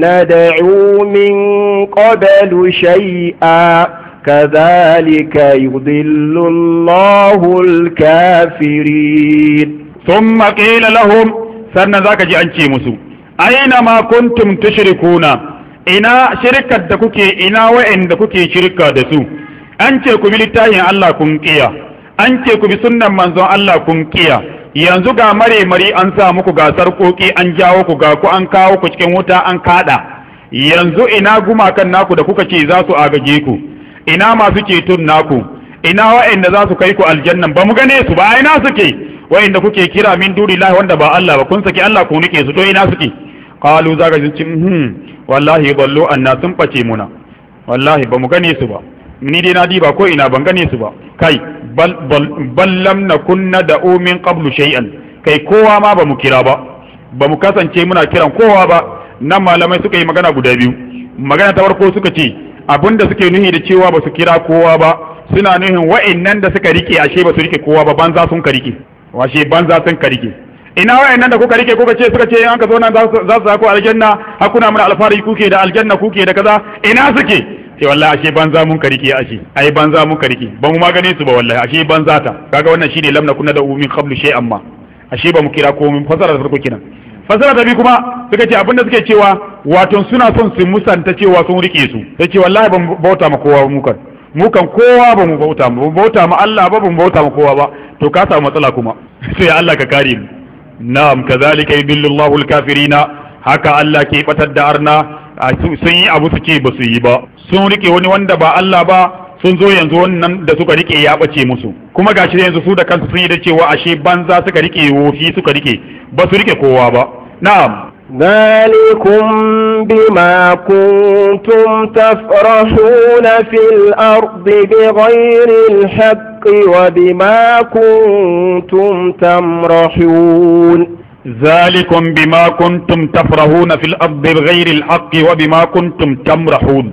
ندعو من قبل شيئا كذلك يضل الله الكافرين ثم قيل لهم سنة ذاك جي أنشي مسو أينما كنتم تشركون انا شركة دكوكي انا وإن دكوكي شركة دسو أنشي كم لتاين الله كن كيا أنشي كم سنة منزو الله كن كيا yanzu ga mare mari an sa muku ga sarkoki an jawo ku ga ku an kawo ku cikin wuta an kada yanzu ina gumakan naku da kuka ce za su agaje ku ina masu ceton naku ina wa'anda za su kai ku aljannan ba mu gane su ba ina suke wa'anda kuke kira min lahi wanda ba Allah ba kun saki Allah ku nike su to ina suke qalu zaka ji hmm wallahi ballo anna sun face muna wallahi ba mu gane su ba ni dai na ba ko ina ban gane su ba kai bal lam kunna da min qablu shay'an kai kowa ma ba mu kira ba ba mu kasance muna kiran kowa ba nan malamai suka yi magana guda biyu magana ta farko suka ce abinda suke nuhi da cewa ba su kira kowa ba suna nuhin wa'annan da suka rike ashe ba su rike kowa ba banza sun ka rike washe banza sun ka rike ina wa'annan da kuka rike kuka ce suka ce an ka zo nan za su zaku aljanna hakuna mana alfahari kuke da aljanna kuke da kaza ina suke sai eh, wallahi ashe banza mun ka rike ashe ai banza mun ka rike ba mu magane su ba wallahi ashe banza ta kaga wannan shine lamna kunna da umin qablu shay'an ma ashe ba mu kira komai fasara da farko kenan fasara ta bi kuma suka ce abinda suke cewa wato suna son su musanta cewa sun rike su ta ce wallahi ban bauta ma kowa mukan mukan kowa ba mu bauta ma, ban bauta ma Allah ba ban bauta ma kowa ba to ka samu matsala kuma sai Allah ka kare mu na'am kazalika yudillu Allahu kafirina haka Allah ke batar da arna sun yi abu su ce ba su yi ba sun rike wani wanda ba Allah ba sun zo yanzu wannan da suka rike ya bace musu kuma gashi da yanzu su da kansu sun yi da cewa ashe banza suka rike wofi suka rike ba su rike kowa ba na'am ذلكم بما كنتم تفرحون في الأرض بغير الحق وبما كنتم تمرحون ذلكم بما كنتم تفرحون في الأرض بغير الحق وبما كنتم تمرحون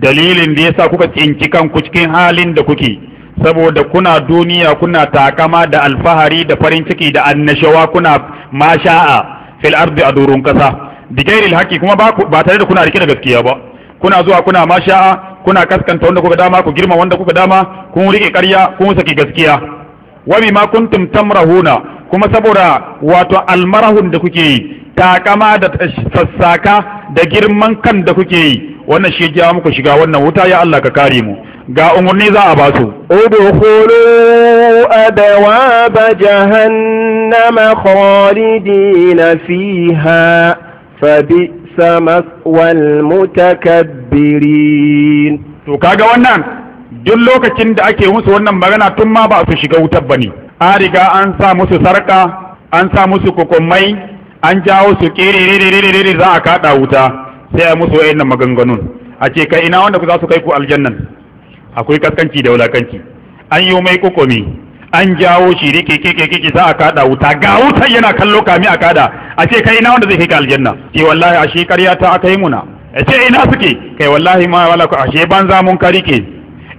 dalilin da yasa kuka tsinci kanku cikin halin da kuke saboda kuna duniya kuna takama da alfahari da farin ciki da annashawa kuna masha'a fil ardi a doron kasa digairil haki kuma ba tare da kuna rike da gaskiya ba kuna zuwa kuna masha'a kuna kaskanta wanda kuka dama ku girma wanda kuka dama kun rike karya kun saki gaskiya wa ma kuntum tamrahuna kuma saboda wato almarahun da kuke yi takama da sassaka da girman kan da kuke yi wannan shi ya muku shiga wannan wuta ya Allah ka kare mu ga umarni za a ba su udkhulu abwaaba jahannama khalidina fiha fabisa maswal mutakabbirin to kaga wannan duk lokacin da ake musu wannan magana tun ma ba su shiga wutar bane an riga an sa musu sarka an sa musu kukumai an jawo su kiri za a kada wuta sai a musu nan maganganun a ce kai ina wanda ku za su kai ku aljannan akwai kaskanci da wulakanci an yi mai kokomi an jawo shi rike keke keke za a kada wuta ga wuta yana kallo kami a kada a ce kai ina wanda zai kai ka aljanna ce wallahi ashe ƙarya ta aka yi muna a ce ina suke kai wallahi ma wala ku ashe banza mun kari ke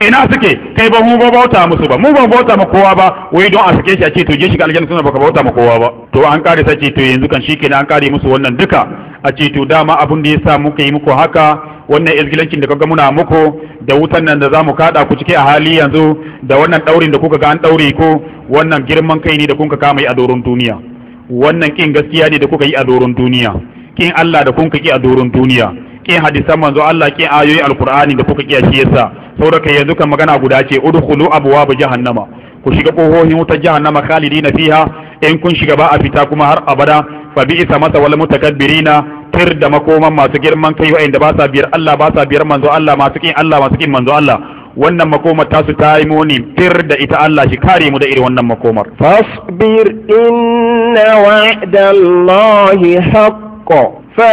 ina suke kai ba mu ba bauta musu ba mu ba bauta ma kowa ba wai don a suke shi a ce to je shi aljanna suna baka bauta ma kowa ba to an kare sace to yanzu kan shi kenan an kare musu wannan duka a ce to dama abun da ya sa muka yi muku haka wannan izgilancin da kaga muna muku da wutan nan da za mu kada ku ciki a hali yanzu da wannan daurin da kuka ga an daure ko wannan girman kai ne da kuka kama yi a doron duniya wannan kin gaskiya ne da kuka yi a doron duniya kin Allah da kuka ki a doron duniya kin hadisan manzo Allah kin ayoyi alqur'ani da kuka ki a shi yasa saurakai yanzu kan magana guda ce udkhulu abwaab jahannama ku shiga kohohin wutar jahannama khalidina fiha in kun shiga ba a fita kuma har abada fa bi isa masa wal mutakabbirina tir da makoman masu girman kai wa'anda ba sa biyar Allah ba sa biyar manzo Allah masu kin Allah masu kin manzo Allah wannan makomar tasu ta yi muni da ita Allah shi kare mu da irin wannan makomar. Fasbir inna wa'dallahi haqqo fa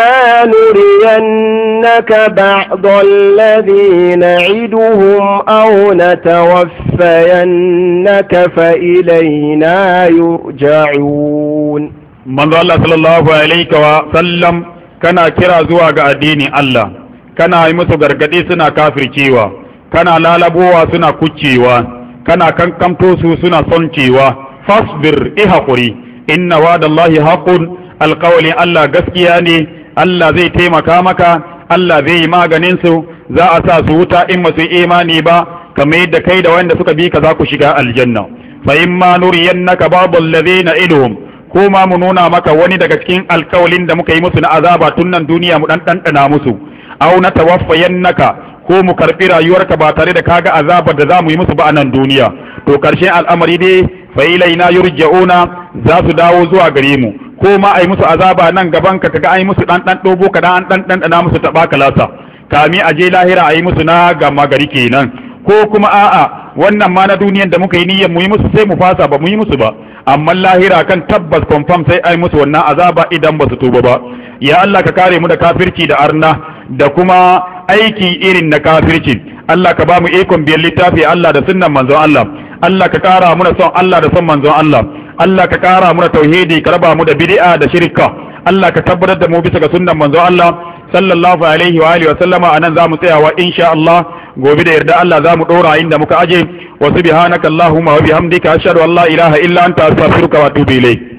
فإما نرينك بعض الذي نعدهم أو نتوفينك فإلينا يرجعون من الله صلى الله عليه وسلم كان كرا زواج دين الله كان يمسو غرغدي سنا كافر كيوا كان لالبوا سنا كتشيوا كان كان كمتوسو سنا صنشيوا فاصبر إيه قري إن وعد الله حق alkawalin Allah gaskiya ne Allah zai taimaka maka Allah zai yi maganin su za a sa su wuta in masu imani ba kamar yadda kai da wanda suka bi ka za ku shiga aljanna fa in ma nuriyannaka babu alladhina idhum ko ma mu nuna maka wani daga cikin alkawalin da muka yi musu na azaba tun nan duniya mu dan dandana musu aw na naka ko mu karɓi rayuwarka ba tare da kaga azabar da za mu yi musu ba a nan duniya to karshen al'amari dai fa ilaina yurja'una za su dawo zuwa gare mu ko ma ai musu azaba nan gaban ka kaga ai musu dan dan dobo ka dan dan dan dana musu taba kalasa kami aje lahira ai musu na gama gari kenan ko kuma a'a wannan ma na duniyar da muka yi niyyar mu yi musu sai mu fasa ba mu yi musu ba amma lahira kan tabbas confirm sai ai musu wannan azaba idan ba su tuba ba ya Allah ka kare mu da kafirci da arna da kuma aiki irin na kafirci Allah ka ba mu ikon biyan littafi Allah da sunnan manzon Allah Allah ka kara muna son Allah da son manzon Allah Allah ka kara muna tauhidi ka raba mu da bid'a da shirka Allah ka tabbatar da mu bisa ga sunnan manzon Allah sallallahu alaihi wa alihi wa sallama anan zamu tsayawa insha Allah gobe da yarda Allah zamu dora inda muka aje wa subhanaka allahumma wa bihamdika ashhadu an la ilaha illa anta astaghfiruka wa atubu ilayk